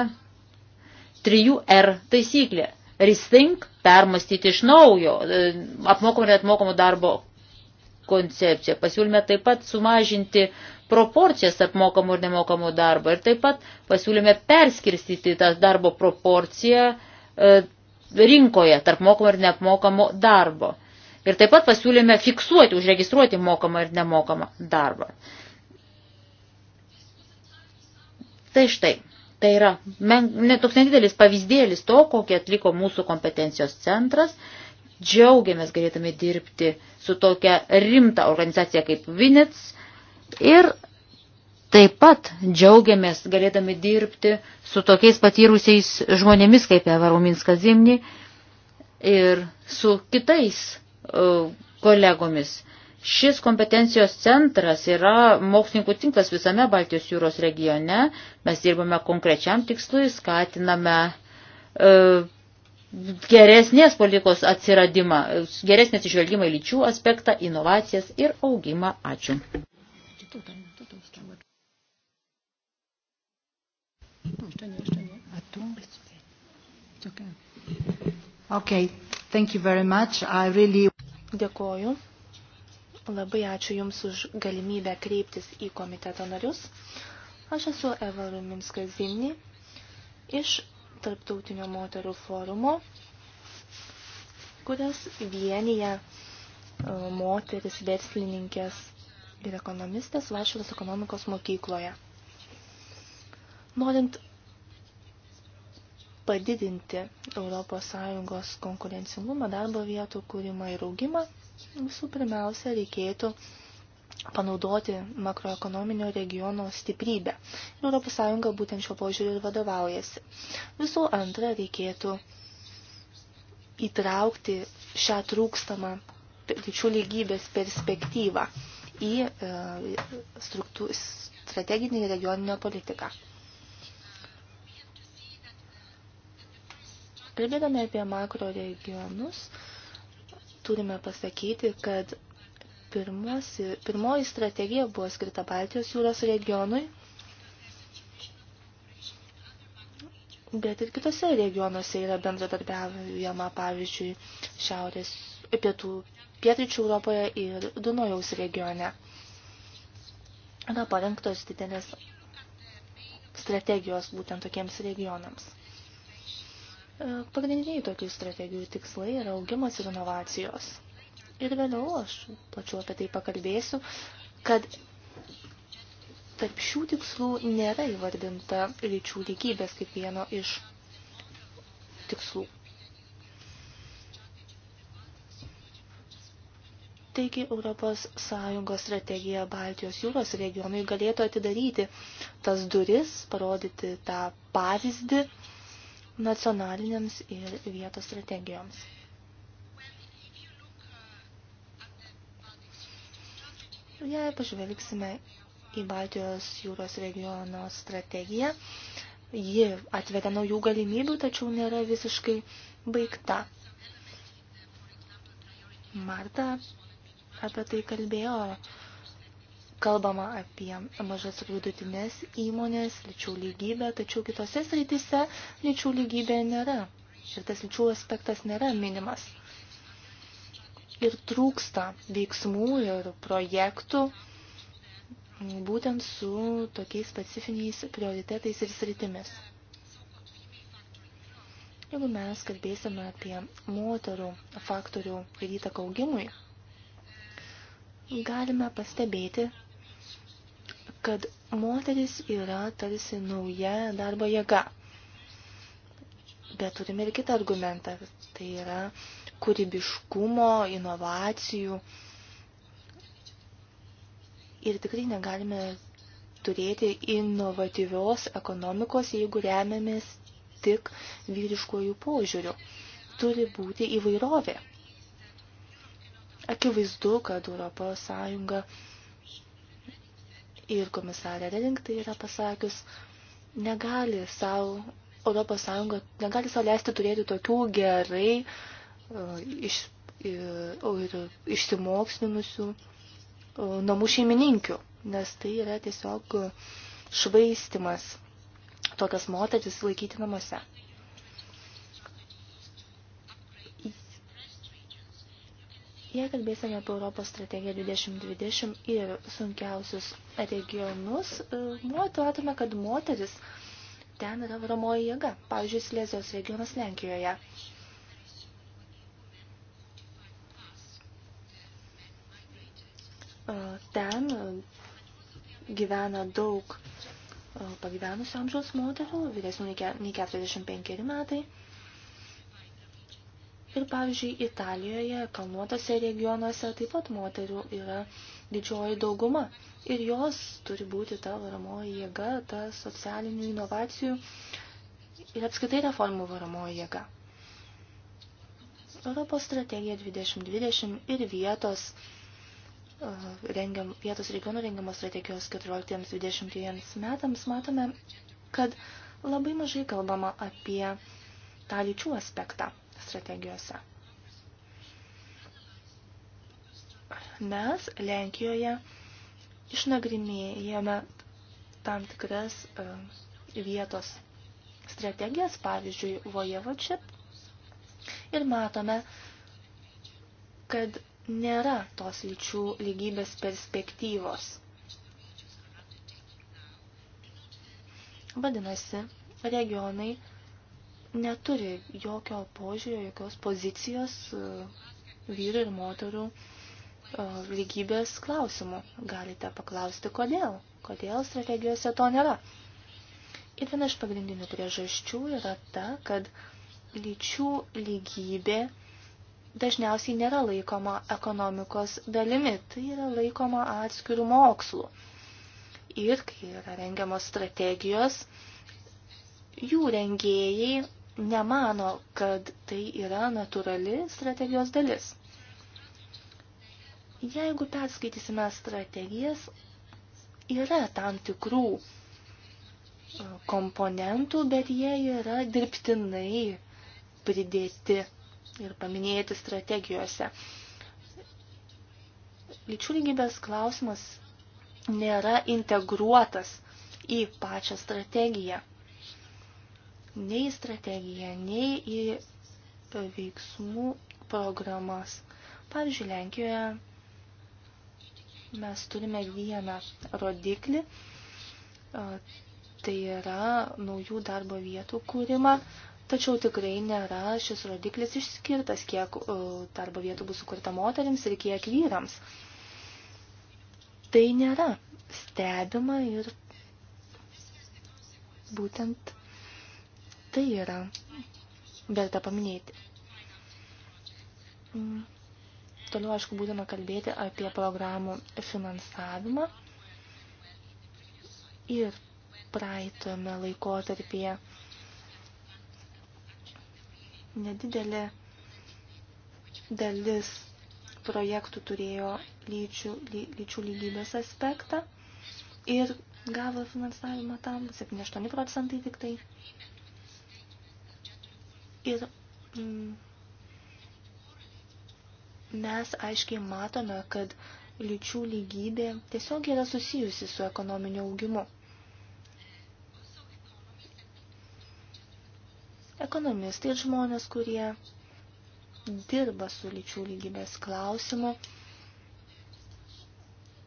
3R taisyklę. Rethink, permastyti iš naujo, e, apmokamo ir atmokamo darbo koncepciją. Pasiūlėme taip pat sumažinti proporcijas apmokamų ir nemokamų darbą ir taip pat pasiūlėme perskirstyti tą darbo proporciją e, rinkoje tarp mokamo ir neapmokamo darbo. Ir taip pat pasiūlėme fiksuoti, užregistruoti mokamą ir nemokamą darbą. Tai štai, tai yra men, ne, toks nedidelis pavyzdėlis to, kokį atliko mūsų kompetencijos centras. Džiaugiamės galėtume dirbti su tokia rimta organizacija kaip Vinets ir Taip pat džiaugiamės galėdami dirbti su tokiais patyrusiais žmonėmis kaip Evaruminskas Zimni ir su kitais uh, kolegomis. Šis kompetencijos centras yra mokslininkų tinklas visame Baltijos jūros regione. Mes dirbame konkrečiam tikslui, skatiname uh, geresnės politikos atsiradimą, geresnės išvelgimą į lyčių aspektą, inovacijas ir augimą. Ačiū. Jeszcze nie, jeszcze nie. A tu? It's okay. Okay, thank you very much. I really... Dėkoju. Labai ačiū Jums už galimybę kreiptis į komiteto narius. Aš esu Eva Ruminska Zimni iš Tarptautinio moterų forumo, kurias vienyje e, moteris verslininkės ir ekonomistės Vašvilos ekonomikos mokykloje. Norint padidinti ES konkurencingumą, darbo vietų kūrimą ir augimą, visų pirmiausia reikėtų panaudoti makroekonominio regiono stiprybę. Ir ES būtent šio požiūrį ir vadovaujasi. Visų antra, reikėtų įtraukti šią trūkstamą lyčių lygybės perspektyvą į e, struktū, strateginį regioninę politiką. Kalbėdami apie makro regionus, turime pasakyti, kad pirmosi, pirmoji strategija buvo skirta Baltijos jūros regionui, bet ir kitose regionuose yra bendradarbiavama, pavyzdžiui, šiaurės, pietų, pietryčių Europoje ir Dunojaus regione. Yra parengtos didelės strategijos būtent tokiems regionams. E, pagrindiniai tokių strategijų tikslai yra augimas ir inovacijos. Ir vėliau aš plačiu apie tai pakalbėsiu, kad tarp šių tikslų nėra įvardinta lyčių lygybės kaip vieno iš tikslų. Taigi Europos Sąjungos strategija Baltijos jūros regionui galėtų atidaryti tas duris, parodyti tą pavyzdį nacionaliniams ir vietos strategijoms. Jei pažvelgsime į Baltijos jūros regiono strategiją, ji atveria naujų galimybių, tačiau nėra visiškai baigta. Marta apie tai kalbėjo, kalbama apie mažas ir vidutinės įmonės, lyčių lygybę, tačiau kitose srityse lyčių lygybė nėra. Ir tas lyčių aspektas nėra minimas. Ir trūksta veiksmų ir projektų būtent su tokiais specifiniais prioritetais ir sritimis. Jeigu mes kalbėsime apie moterų faktorių ir įtaką augimui, galime pastebėti, kad moteris yra tarsi nauja darbo jėga. Bet turime ir kitą argumentą. Tai yra kūrybiškumo, inovacijų. Ir tikrai negalime turėti inovatyvios ekonomikos, jeigu remiamės tik vyriškojų požiūrių. Turi būti įvairovė. Akivaizdu, kad Europos Sąjunga ir komisarė Reding tai yra pasakius, negali savo Europos Sąjunga negali savo leisti turėti tokių gerai uh, iš, ir, e, ir išsimokslinusių uh, namų šeimininkių, nes tai yra tiesiog švaistimas tokias moteris laikyti namuose. Jei kalbėsime apie Europos strategiją 2020 ir sunkiausius regionus, matome, e, nu, kad moteris ten yra varomoji jėga, pavyzdžiui, Silezijos regionas Lenkijoje. E, ten gyvena daug e, pagyvenusių amžiaus moterų, vyresnių nei 45 metai. Ir pavyzdžiui, Italijoje, kalnuotose regionuose taip pat moterių yra didžioji dauguma. Ir jos turi būti ta varomoji jėga, ta socialinių inovacijų ir apskaitai reformų varomoji jėga. Europos strategija 2020 ir vietos, uh, rengiam, vietos regionų rengiamos strategijos 14-20 metams matome, kad labai mažai kalbama apie tą lyčių aspektą strategijose. Mes Lenkijoje išnagrinėjame tam tikras e, vietos strategijas, pavyzdžiui, Vojevočip, ir matome, kad nėra tos lyčių lygybės perspektyvos. Vadinasi, regionai neturi jokio požiūrio, jokios pozicijos e, vyrų ir moterų e, lygybės klausimų. Galite paklausti, kodėl. Kodėl strategijose to nėra. Ir viena iš pagrindinių priežasčių yra ta, kad lyčių lygybė dažniausiai nėra laikoma ekonomikos dalimi, tai yra laikoma atskirų mokslų. Ir kai yra rengiamos strategijos, jų rengėjai nemano, kad tai yra natūrali strategijos dalis. Jeigu perskaitysime strategijas, yra tam tikrų e, komponentų, bet jie yra dirbtinai pridėti ir paminėti strategijose. Lyčių lygybės klausimas nėra integruotas į pačią strategiją nei į strategiją, nei į veiksmų programas. Pavyzdžiui, Lenkijoje mes turime vieną rodiklį, tai yra naujų darbo vietų kūrimą, tačiau tikrai nėra šis rodiklis išskirtas, kiek darbo vietų bus sukurta moteriams ir kiek vyrams. Tai nėra stebima ir būtent tai yra verta paminėti. Mm. Toliau, aišku, būtina kalbėti apie programų finansavimą ir praeitame laikotarpyje nedidelė dalis projektų turėjo lyčių, ly, lyčių lygybės aspektą ir gavo finansavimą tam 7-8 procentai tik tai. Ir mm, mes aiškiai matome, kad lyčių lygybė tiesiog yra susijusi su ekonominiu augimu. Ekonomistai ir žmonės, kurie dirba su lyčių lygybės klausimu,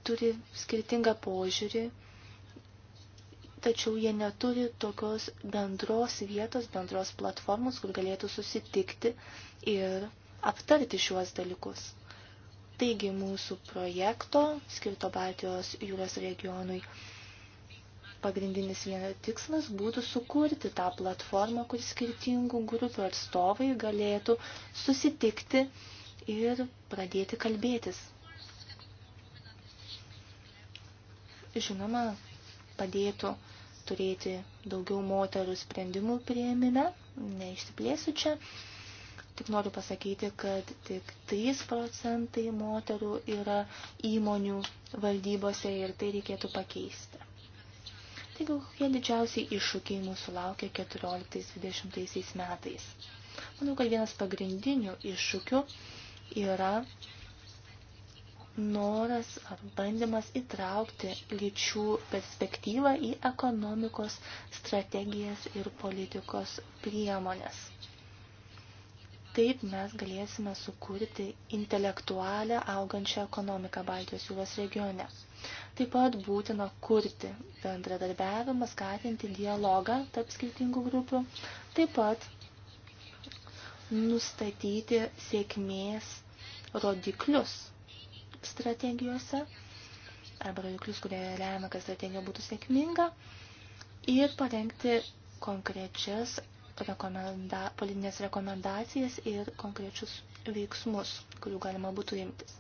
turi skirtingą požiūrį tačiau jie neturi tokios bendros vietos, bendros platformos, kur galėtų susitikti ir aptarti šiuos dalykus. Taigi mūsų projekto, skirto Baltijos jūros regionui, pagrindinis vienas tikslas būtų sukurti tą platformą, kur skirtingų grupių atstovai galėtų susitikti ir pradėti kalbėtis. Žinoma, padėtų turėti daugiau moterų sprendimų prieimime. Neišsiplėsiu čia. Tik noriu pasakyti, kad tik 3 procentai moterų yra įmonių valdybose ir tai reikėtų pakeisti. Taigi, kokie didžiausiai iššūkiai mūsų laukia 14-20 metais? Manau, kad vienas pagrindinių iššūkių yra noras ar bandymas įtraukti lyčių perspektyvą į ekonomikos strategijas ir politikos priemonės. Taip mes galėsime sukurti intelektualią augančią ekonomiką Baltijos jūros regione. Taip pat būtina kurti bendradarbiavimą, skatinti dialogą tarp skirtingų grupių, taip pat nustatyti sėkmės rodiklius strategijose arba rodiklius, kurie lemia, kad strategija būtų sėkminga ir parengti konkrečias rekomenda, politinės rekomendacijas ir konkrečius veiksmus, kurių galima būtų imtis.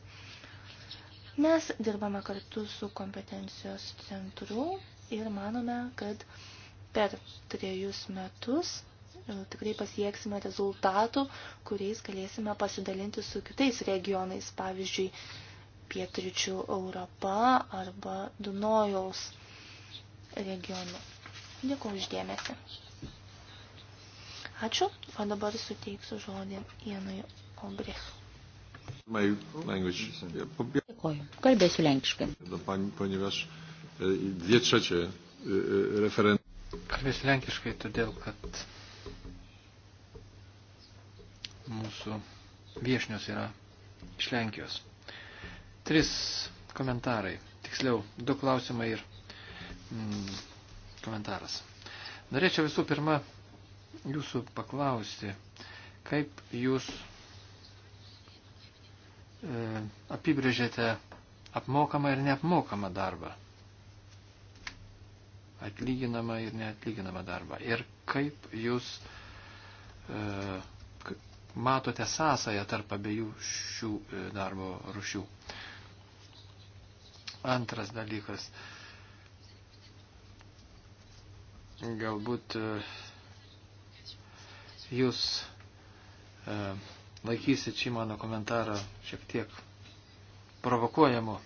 Mes dirbame kartu su kompetencijos centru ir manome, kad per trejus metus e, tikrai pasieksime rezultatų, kuriais galėsime pasidalinti su kitais regionais, pavyzdžiui, pietričių Europa arba Dunojaus regionu. Dėkuoju uždėmesi. Ačiū, o dabar suteiksiu žodį Janui Obrich. Dėkuoju. Kalbėsiu lenkiškai. E, e, e, Kalbėsiu lenkiškai, todėl kad mūsų viešnios yra iš Lenkijos. Tris komentarai. Tiksliau, du klausimai ir mm, komentaras. Norėčiau visų pirma jūsų paklausti, kaip jūs e, apibrėžėte apmokamą ir neapmokamą darbą, atlyginamą ir neatlyginamą darbą ir kaip jūs e, matote sąsąją tarp abiejų šių e, darbo rušių. Antras dalykas. Galbūt e, jūs e, laikysit šį mano komentarą šiek tiek provokuojamu.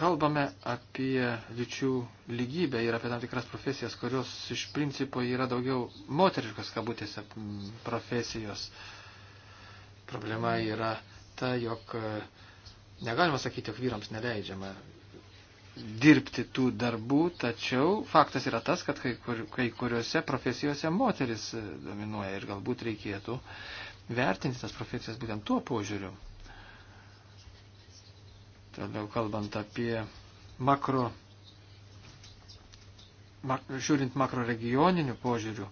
kalbame apie lyčių lygybę ir apie tam tikras profesijas, kurios iš principo yra daugiau moteriškas kabutėse profesijos. Uh, Problema yra ta, jog e, negalima sakyti, jog vyrams neleidžiama dirbti tų darbų, tačiau faktas yra tas, kad kai, kur, kai kuriuose profesijose moteris e, dominuoja ir galbūt reikėtų vertinti tas profesijas būtent tuo požiūriu. Toliau kalbant apie makro, mak, žiūrint makro regioninių požiūrių,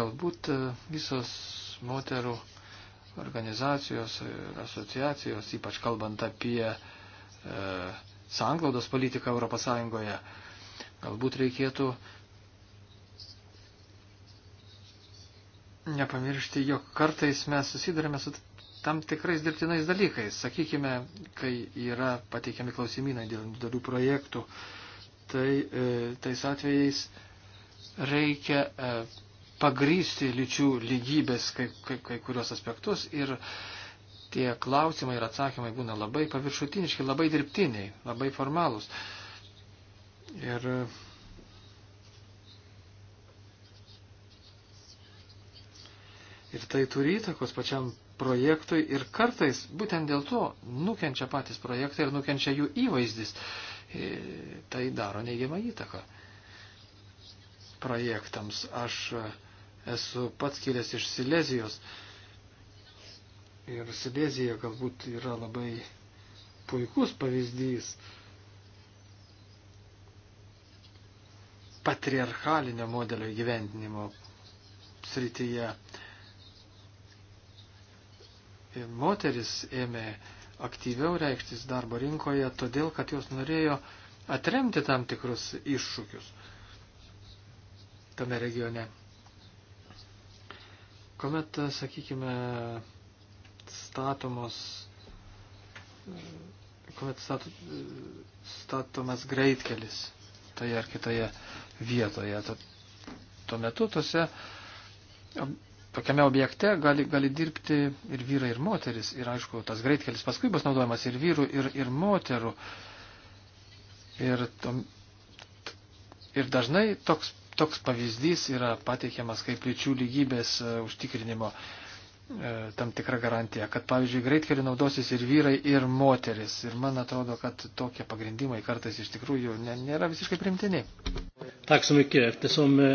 galbūt e, visos moterų organizacijos ir asociacijos, ypač kalbant apie e, sanglaudos politiką ES. Galbūt reikėtų nepamiršti, jog kartais mes susidurime su tam tikrais dirbtinais dalykais. Sakykime, kai yra pateikiami klausimynai dėl didelių projektų, tai e, tais atvejais reikia e, pagrysti lyčių lygybės kai, kai, kai kurios aspektus ir tie klausimai ir atsakymai būna labai paviršutiniški, labai dirbtiniai, labai formalūs. Ir Ir tai turi įtakos pačiam projektui ir kartais būtent dėl to nukenčia patys projektai ir nukenčia jų įvaizdis. E, tai daro neigiamą įtaką projektams. Aš Esu pats kilęs iš Silezijos. Ir Silezija galbūt yra labai puikus pavyzdys patriarchalinio modelio gyventinimo srityje. Ir moteris ėmė aktyviau reikštis darbo rinkoje, todėl kad jos norėjo atremti tam tikrus iššūkius tame regione. Komet, sakykime, statomos, kuomet stat, statomas greitkelis toje ar kitoje vietoje, to, tuo metu tose, tokiame objekte gali, gali dirbti ir vyrai, ir moteris. Ir aišku, tas greitkelis paskui bus naudojamas ir vyrų, ir, ir moterų. Ir, tom, ir dažnai toks toks pavyzdys yra pateikiamas kaip lyčių lygybės e, užtikrinimo e, tam tikra garantija, kad pavyzdžiui greitkeliu naudosis ir vyrai, ir moteris. Ir man atrodo, kad tokie pagrindimai kartais iš tikrųjų nėra visiškai primtini. Tack så mycket. Eftersom e,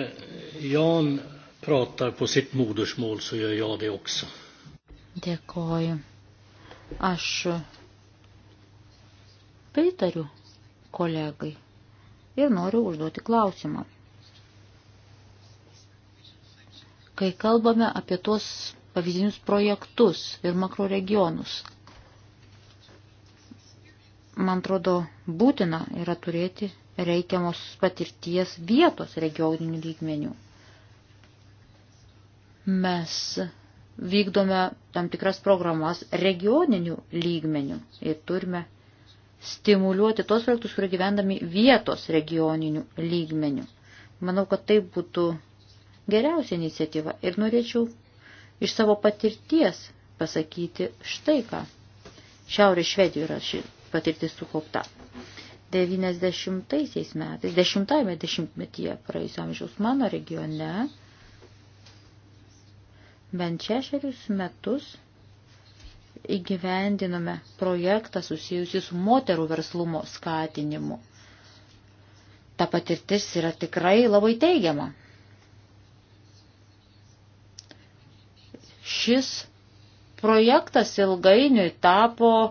Jan pratar på sitt modersmål så gör jag det också. Dėkoju. Aš pritariu kolegai ir noriu užduoti klausimą. kai kalbame apie tuos pavyzdinius projektus ir makroregionus. Man atrodo, būtina yra turėti reikiamos patirties vietos regioninių lygmenių. Mes vykdome tam tikras programas regioninių lygmenių ir turime stimuliuoti tos projektus, kurie gyvendami vietos regioninių lygmenių. Manau, kad tai būtų geriausia iniciatyva ir norėčiau iš savo patirties pasakyti štai ką. Šiaurės Švedijoje yra ši patirtis sukaupta. 90-aisiais metais, 10-ame dešimtmetyje praėjusio amžiaus mano regione bent šešerius metus įgyvendinome projektą susijusį su moterų verslumo skatinimu. Ta patirtis yra tikrai labai teigiama. šis projektas ilgainiui tapo e,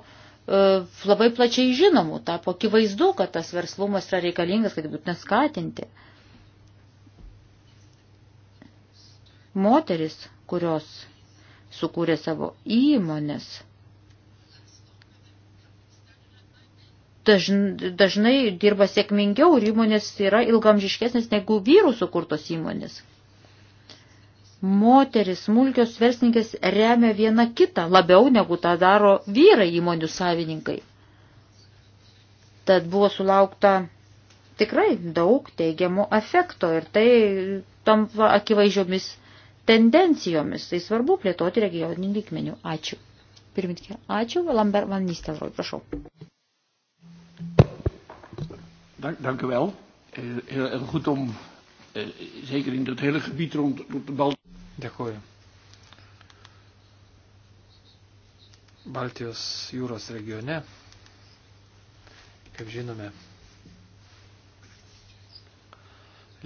labai plačiai žinomų, tapo akivaizdu, kad tas verslumas yra reikalingas, kad būtent skatinti. Moteris, kurios sukūrė savo įmonės, dažnai dirba sėkmingiau ir įmonės yra ilgamžiškesnės negu vyrų sukurtos įmonės moteris, smulkios verslinkės remia vieną kitą labiau negu tą daro vyrai įmonių savininkai. Tad buvo sulaukta tikrai daug teigiamų efekto ir tai tampa akivaizdžiomis tendencijomis. Tai svarbu plėtoti regioninį lygmenių. Ačiū. Pirmininkė, ačiū. Lambert Van Nistelrooy, prašau. Dank, dank u wel. Eh, heel, heel goed om, eh, zeker in dat hele gebied rond, rond de Baltische. Dėkuoju. Baltijos jūros regione, kaip žinome,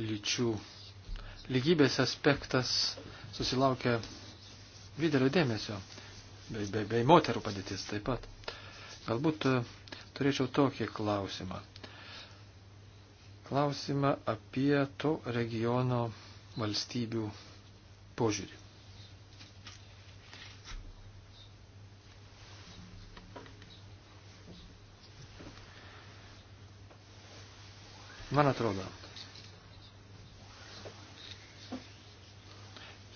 lyčių lygybės aspektas susilaukia didelio dėmesio, bei, bei, bei moterų padėtis taip pat. Galbūt e, turėčiau tokį klausimą. Klausimą apie to regiono valstybių požiūrį. Man atrodo,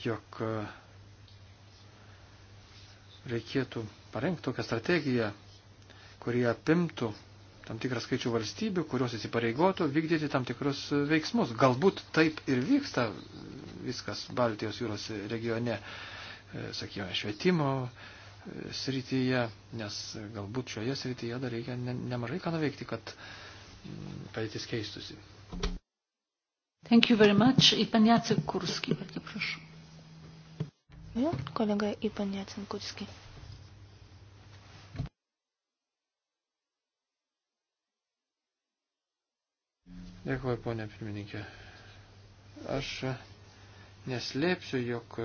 jog e, reikėtų parengti tokią strategiją, kurie apimtų tam tikrą skaičių valstybių, kurios įsipareigotų vykdyti tam tikrus veiksmus. Galbūt taip ir vyksta viskas Baltijos jūros regione, e, sakykime, švietimo e, srityje, nes galbūt šioje srityje dar reikia ne, nemažai ką nuveikti, kad mm, padėtis keistusi. Thank you very much. I pan Jacek Kurski, bardzo proszę. Ja, kolega Ipan Jacek Kurski. Dėkuoju, ponė pirmininkė. Aš neslėpsiu, jog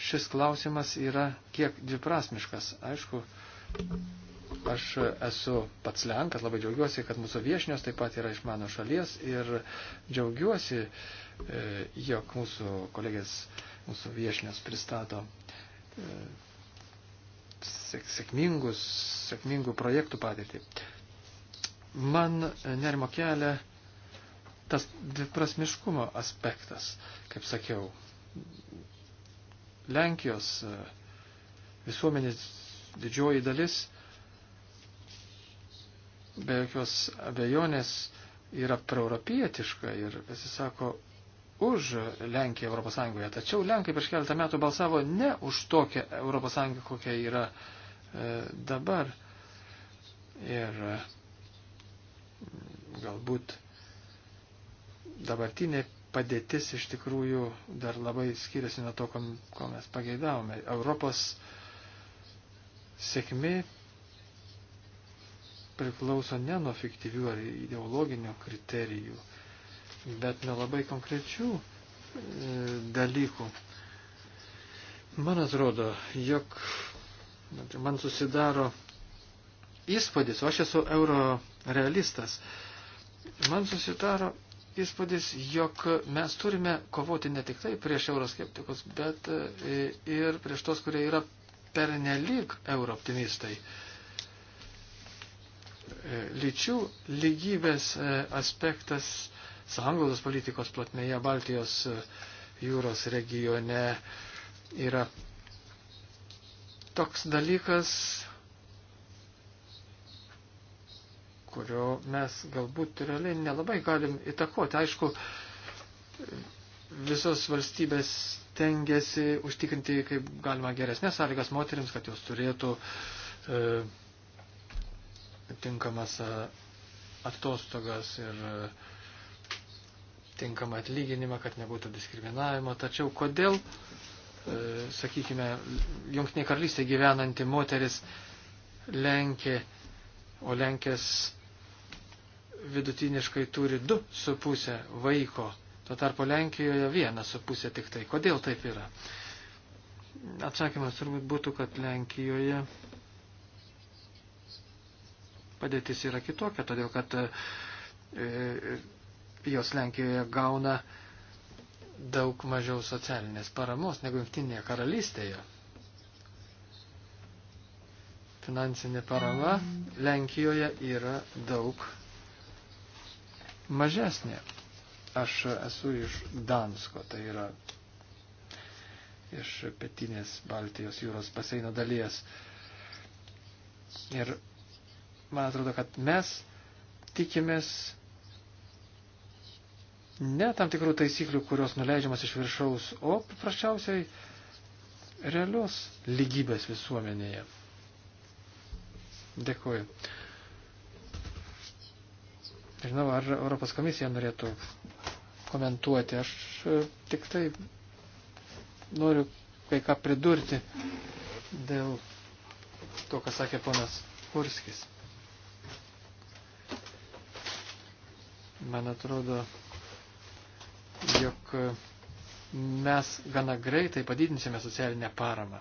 šis klausimas yra kiek dviprasmiškas. Aišku, aš esu pats Lenkas, labai džiaugiuosi, kad mūsų viešnios taip pat yra iš mano šalies ir džiaugiuosi, e, jog mūsų kolegės, mūsų viešnios pristato e, sėkmingus, sėkmingų projektų patirtį. Man nerimo kelia tas dviprasmiškumo aspektas, kaip sakiau. Lenkijos e, visuomenės didžioji dalis be jokios abejonės yra proeuropietiška ir pasisako už Lenkiją Europos Sąjungoje. Tačiau Lenkai prieš keletą metų balsavo ne už tokią Europos Sąjungą, kokia yra e, dabar. Ir e, Galbūt dabartinė padėtis iš tikrųjų dar labai skiriasi nuo to, ko mes pageidavome. Europos sėkmė priklauso ne nuo fiktyvių ar ideologinių kriterijų, bet nuo labai konkrečių e, dalykų. Man atrodo, jog man susidaro įspūdis, o aš esu eurorealistas, realistas man susitaro įspūdis, jog mes turime kovoti ne tik tai prieš euroskeptikus, bet e, ir prieš tos, kurie yra pernelyg eurooptimistai. E, lyčių lygybės e, aspektas sąnglaudos politikos platmeje Baltijos jūros regione yra toks dalykas, kurio mes galbūt realiai nelabai galim įtakoti. Aišku, visos valstybės tengiasi užtikrinti kaip galima geresnės sąlygas moteriams, kad jos turėtų e, tinkamas e, atostogas ir e, tinkamą atlyginimą, kad nebūtų diskriminavimo. Tačiau kodėl, e, sakykime, Junktinė karalystė gyvenanti moteris Lenkė, o Lenkės vidutiniškai turi 2,5 vaiko, tuo tarpu Lenkijoje 1,5 tik tai. Kodėl taip yra? Atsakymas turbūt būtų, kad Lenkijoje padėtis yra kitokia, todėl kad e, e, jos Lenkijoje gauna daug mažiau socialinės paramos negu Junktinėje karalystėje. Finansinė parama Lenkijoje yra daug mažesnė. Aš esu iš Dansko, tai yra iš pietinės Baltijos jūros baseino dalies. Ir man atrodo, kad mes tikimės ne tam tikrų taisyklių, kurios nuleidžiamas iš viršaus, o paprasčiausiai realios lygybės visuomenėje. Dėkuoju. Žinau, ar Europos komisija norėtų komentuoti. Aš e, tik tai noriu kai ką pridurti dėl to, ką sakė ponas Kurskis. Man atrodo, jog mes gana greitai padidinsime socialinę paramą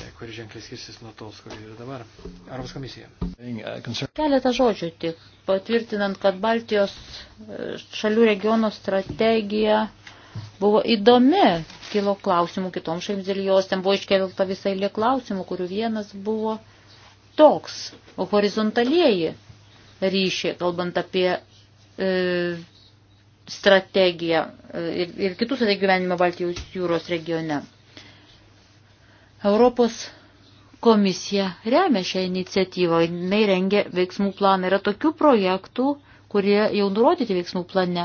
E, kuri ženkliai skirsis nuo tos, kur yra dabar. Europos komisija. Uh, Keletą žodžių tik patvirtinant, kad Baltijos e, šalių regiono strategija buvo įdomi, kilo klausimų kitoms šalims dėl jos, ten buvo iškelta visai lie klausimų, kurių vienas buvo toks, o horizontalieji ryšiai, kalbant apie e, strategiją e, ir, ir kitus strategijų gyvenimą Baltijos jūros regione. Europos komisija remia šią iniciatyvą, jinai rengia veiksmų planą. Yra tokių projektų, kurie jau nurodyti veiksmų plane.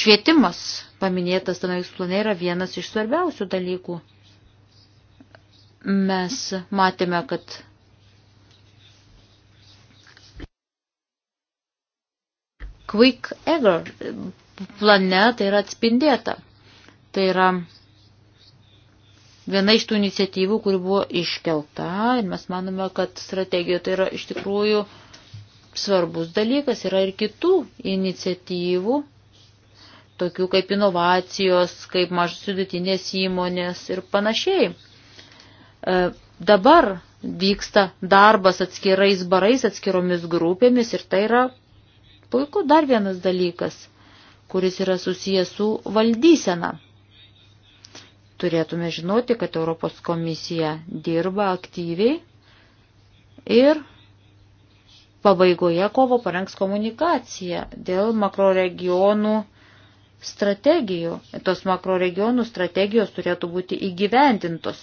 Švietimas paminėtas tame veiksmų plane yra vienas iš svarbiausių dalykų. Mes matėme, kad Quick Eager plane tai yra atspindėta. Tai yra viena iš tų iniciatyvų, kuri buvo iškelta ir mes manome, kad strategija tai yra iš tikrųjų svarbus dalykas, yra ir kitų iniciatyvų, tokių kaip inovacijos, kaip mažas sudėtinės įmonės ir panašiai. E, dabar vyksta darbas atskirais barais, atskiromis grupėmis ir tai yra puiku dar vienas dalykas, kuris yra susijęs su valdysena turėtume žinoti, kad Europos komisija dirba aktyviai ir pabaigoje kovo parengs komunikaciją dėl makroregionų strategijų. Tos makroregionų strategijos turėtų būti įgyvendintos.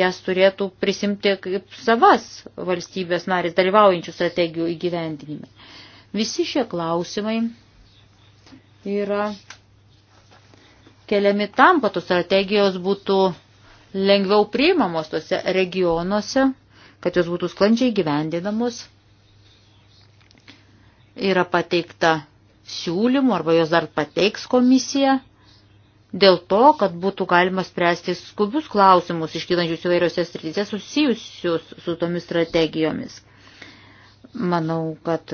Jas turėtų prisimti kaip savas valstybės narės dalyvaujančių strategijų įgyvendinime. Visi šie klausimai yra keliami tam, kad tos strategijos būtų lengviau priimamos tose regionuose, kad jos būtų sklandžiai gyvendinamos. Yra pateikta siūlymų arba jos dar pateiks komisija dėl to, kad būtų galima spręsti skubius klausimus iškylančius įvairiose srityse susijusius su tomis strategijomis. Manau, kad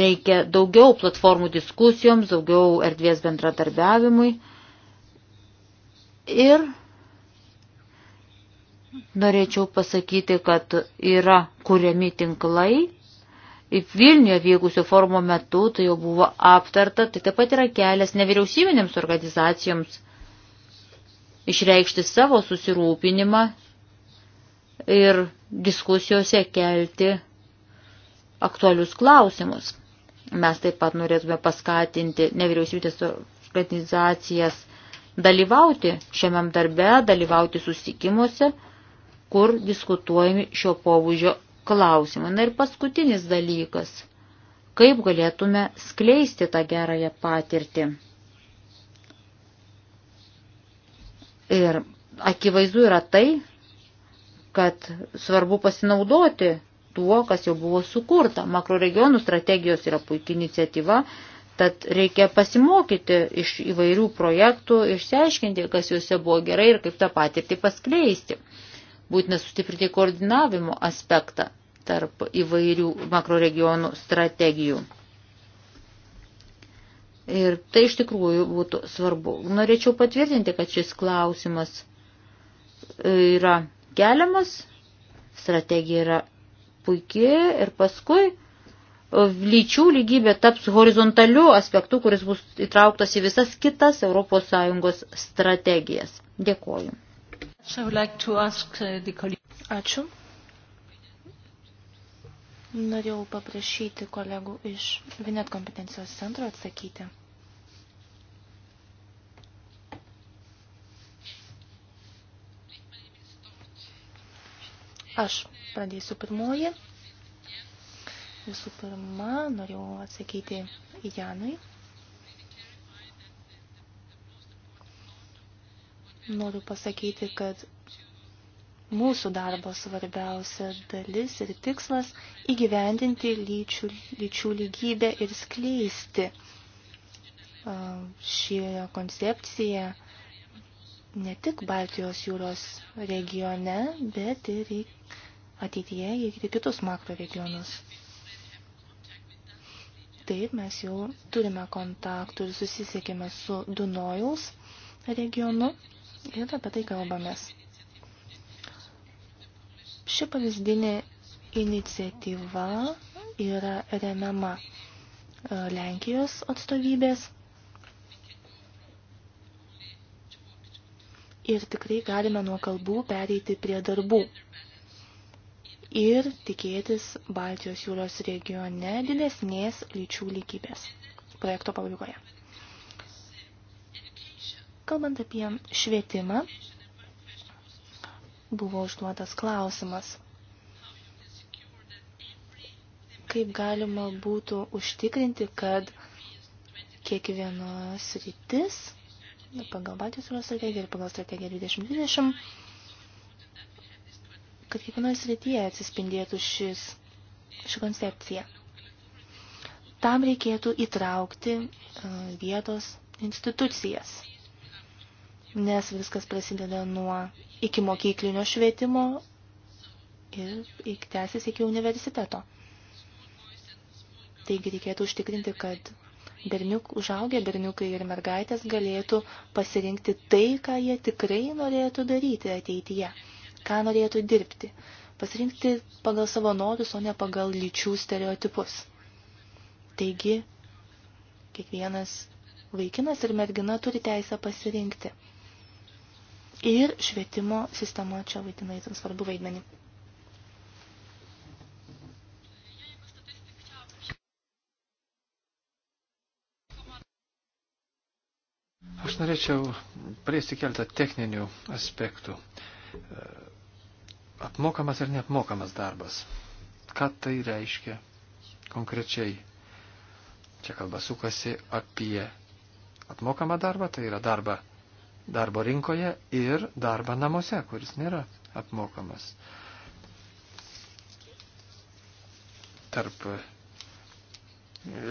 reikia daugiau platformų diskusijoms, daugiau erdvės bendradarbiavimui. Ir norėčiau pasakyti, kad yra kuriami tinklai. Į Vilniuje vykusių formų metu tai jau buvo aptarta, tai taip pat yra kelias nevyriausybinėms organizacijoms išreikšti savo susirūpinimą ir diskusijose kelti aktualius klausimus. Mes taip pat norėtume paskatinti nevyriausybės organizacijas dalyvauti šiame darbe, dalyvauti susitikimuose, kur diskutuojami šio pobūdžio klausimai. Na ir paskutinis dalykas - kaip galėtume skleisti tą gerąją patirtį. Ir akivaizdu yra tai, kad svarbu pasinaudoti tuo, kas jau buvo sukurta. Makroregionų strategijos yra puikia iniciatyva, Tad reikia pasimokyti iš įvairių projektų, išsiaiškinti, kas juose buvo gerai ir kaip tą patirtį paskleisti. Būtina sustiprinti koordinavimo aspektą tarp įvairių makroregionų strategijų. Ir tai iš tikrųjų būtų svarbu. Norėčiau patvirtinti, kad šis klausimas yra keliamas, strategija yra puikiai ir paskui lyčių lygybė taps horizontaliu aspektu, kuris bus įtrauktas į visas kitas ES strategijas. Dėkoju. Uh, Ačiū. Norėjau paprašyti kolegų iš Vinet kompetencijos centro atsakyti. Aš pradėsiu pirmoji. Visų pirma, norėjau atsakyti Janui. Noriu pasakyti, kad mūsų darbo svarbiausia dalis ir tikslas įgyvendinti lyčių, lyčių lygybę ir skleisti šį koncepciją ne tik Baltijos jūros regione, bet ir ateityje ir į kitus makro regionus. Taip, mes jau turime kontaktų ir susisiekime su Dunojaus regionu ir apie tai kalbamės. Ši pavyzdinė iniciatyva yra remiama e, Lenkijos atstovybės ir tikrai galime nuo kalbų pereiti prie darbų ir tikėtis Baltijos jūros regione didesnės lyčių lygybės projekto pabaigoje. Kalbant apie švietimą, buvo užduotas klausimas, kaip galima būtų užtikrinti, kad kiekvienos rytis pagal Baltijos jūros strategiją ir pagal strategiją 2020 kad kiekvienoje srityje atsispindėtų šis, ši koncepcija. Tam reikėtų įtraukti e, vietos institucijas, nes viskas prasideda nuo iki mokyklinio švietimo ir tęsis iki universiteto. Taigi reikėtų užtikrinti, kad berniuk, užaugę berniukai ir mergaitės galėtų pasirinkti tai, ką jie tikrai norėtų daryti ateityje ką norėtų dirbti. Pasirinkti pagal savo norus, o ne pagal lyčių stereotipus. Taigi, kiekvienas vaikinas ir mergina turi teisę pasirinkti. Ir švietimo sistema čia vaidina įtin svarbu vaidmenį. Aš norėčiau prieisti keltą techninių aspektų apmokamas ir neapmokamas darbas. Ką tai reiškia konkrečiai? Čia kalba sukasi apie apmokamą darbą, tai yra darbą darbo rinkoje ir darbą namuose, kuris nėra apmokamas. Tarp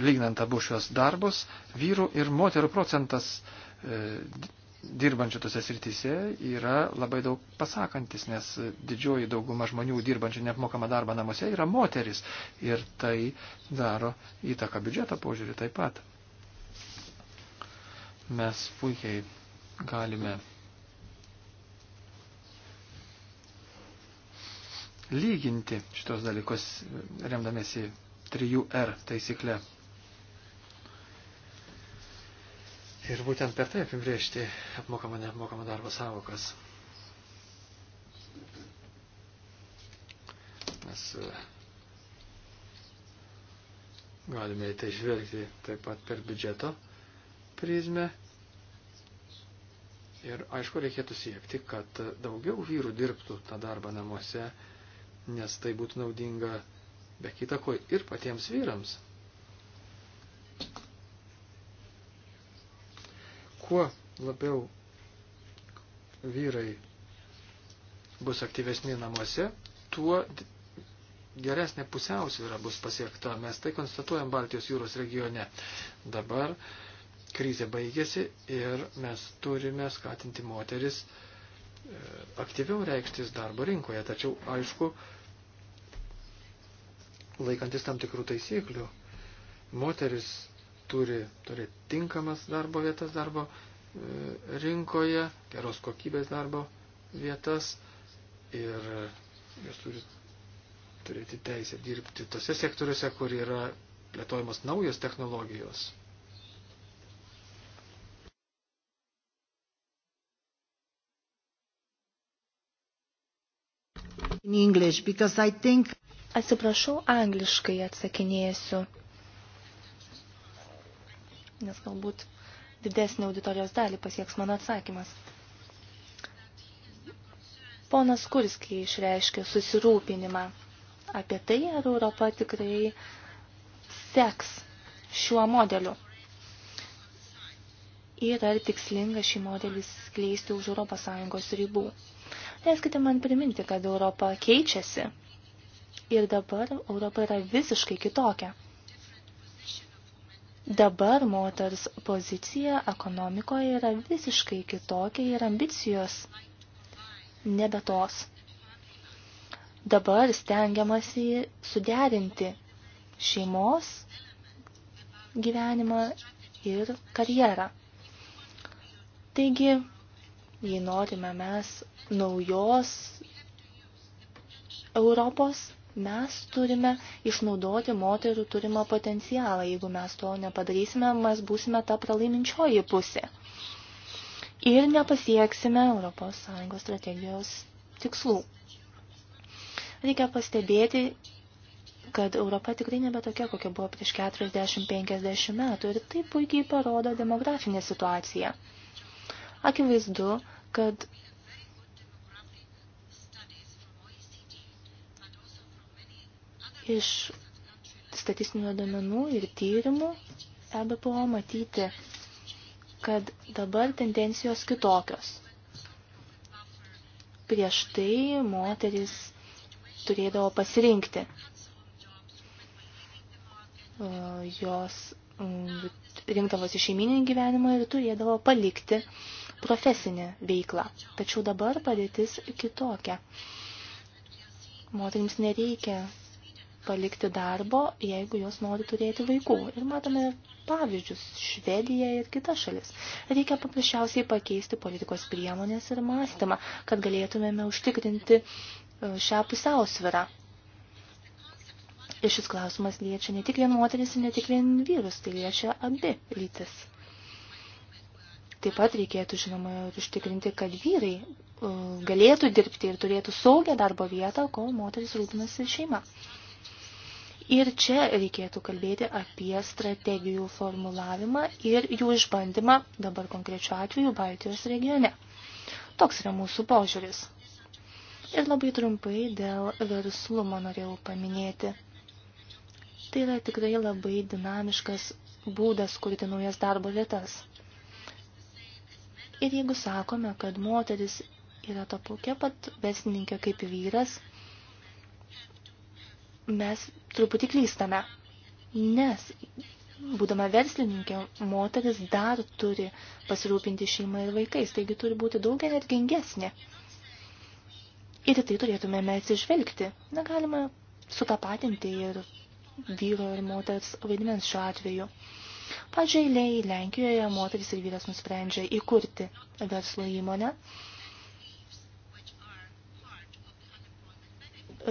lygnant abu šios darbus, vyrų ir moterų procentas e, dirbančių tose srityse yra labai daug pasakantis, nes didžioji dauguma žmonių dirbančių neapmokamą darbą namuose yra moteris ir tai daro įtaką biudžeto požiūrį taip pat. Mes puikiai galime lyginti šitos dalykus remdamėsi 3R taisyklę Ir būtent per tai apibriežti apmokamą neapmokamą darbo savokas. Mes e, galime į tai žvelgti taip pat per biudžeto prizmę. Ir aišku, reikėtų siekti, kad daugiau vyrų dirbtų tą darbą namuose, nes tai būtų naudinga be kitako ir patiems vyrams. Kuo labiau vyrai bus aktyvesni namuose, tuo geresnė pusiausvyrą bus pasiekta. Mes tai konstatuojam Baltijos jūros regione. Dabar krizė baigėsi ir mes turime skatinti moteris e, aktyviau reikštis darbo rinkoje. Tačiau, aišku, laikantis tam tikrų taisyklių, moteris turi turėti tinkamas darbo vietas darbo e, rinkoje, geros kokybės darbo vietas ir jos turi turėti teisę dirbti tose sektoriuose, kur yra plėtojamos naujos technologijos. In English, because I think... Atsiprašau, angliškai atsakinėsiu nes galbūt didesnį auditorijos dalį pasieks mano atsakymas. Ponas Kurskiai išreiškė susirūpinimą apie tai, ar Europa tikrai seks šiuo modeliu ir ar tikslinga šį modelį skleisti už ES ribų. Leiskite man priminti, kad Europa keičiasi ir dabar Europa yra visiškai kitokia. Dabar moters pozicija ekonomikoje yra visiškai kitokia ir ambicijos nebe tos. Dabar stengiamasi suderinti šeimos gyvenimą ir karjerą. Taigi, jei norime mes naujos Europos, Mes turime išnaudoti moterų turimą potencialą. Jeigu mes to nepadarysime, mes būsime ta pralaiminčioji pusė. Ir nepasieksime ES strategijos tikslų. Reikia pastebėti, kad Europa tikrai nebe tokia, kokia buvo prieš 40-50 metų ir tai puikiai parodo demografinė situacija. Akivaizdu, kad Iš statistinių duomenų ir tyrimų EBPO matyti, kad dabar tendencijos kitokios. Prieš tai moteris turėdavo pasirinkti. E, jos mm, rinkdavosi šeiminį gyvenimą ir turėdavo palikti profesinę veiklą. Tačiau dabar padėtis kitokia. Moterims nereikia palikti darbo, jeigu jos nori turėti vaikų. Ir matome pavyzdžius – Švedija ir kitas šalis. Reikia paprasčiausiai pakeisti politikos priemonės ir mąstymą, kad galėtumėme užtikrinti e, šią pusiausvirą. Ir šis klausimas liečia ne tik vien moteris ir ne tik vien vyrus, tai liečia abi lytis. Taip pat reikėtų, žinoma, ir užtikrinti, kad vyrai e, galėtų dirbti ir turėtų saugią darbo vietą, kol moteris rūpinasi šeima. Ir čia reikėtų kalbėti apie strategijų formulavimą ir jų išbandymą dabar konkrečiu atveju Baltijos regione. Toks yra mūsų požiūris. Ir labai trumpai dėl verslumo norėjau paminėti. Tai yra tikrai labai dinamiškas būdas kurti naujas darbo vietas. Ir jeigu sakome, kad moteris yra to tokia pat vesininkė kaip vyras – mes truputį klystame, nes būdama verslininkė, moteris dar turi pasirūpinti šeimą ir vaikais, taigi turi būti daug energingesnė. Ir tai turėtumėme atsižvelgti. Na, galima sutapatinti ir vyro ir moters vaidmens šiuo atveju. Pavyzdžiui, Lenkijoje moteris ir vyras nusprendžia įkurti verslo įmonę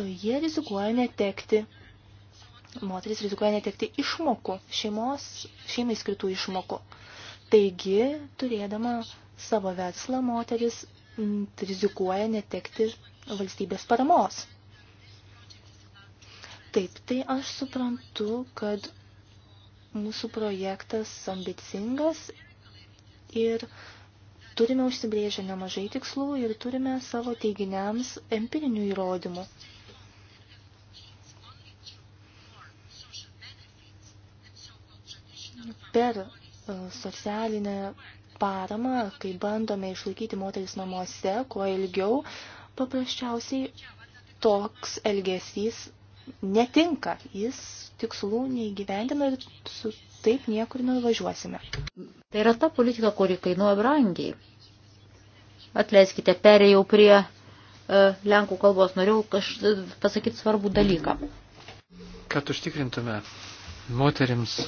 jie rizikuoja netekti, moteris rizikuoja netekti išmokų, šeimos, šeimai skirtų išmokų. Taigi, turėdama savo verslą, moteris m, rizikuoja netekti valstybės paramos. Taip, tai aš suprantu, kad mūsų projektas ambicingas ir turime užsibrėžę nemažai tikslų ir turime savo teiginiams empirinių įrodymų. per e, socialinę paramą, kai bandome išlaikyti moteris namuose kuo ilgiau, paprasčiausiai toks elgesys netinka, jis tikslų neįgyvendina ir su taip niekur nevažiuosime. Tai yra ta politika, kuri kainuoja brangiai. Atleiskite, perėjau prie e, Lenkų kalbos, norėjau kaž, e, pasakyti svarbų dalyką. Kad užtikrintume moterims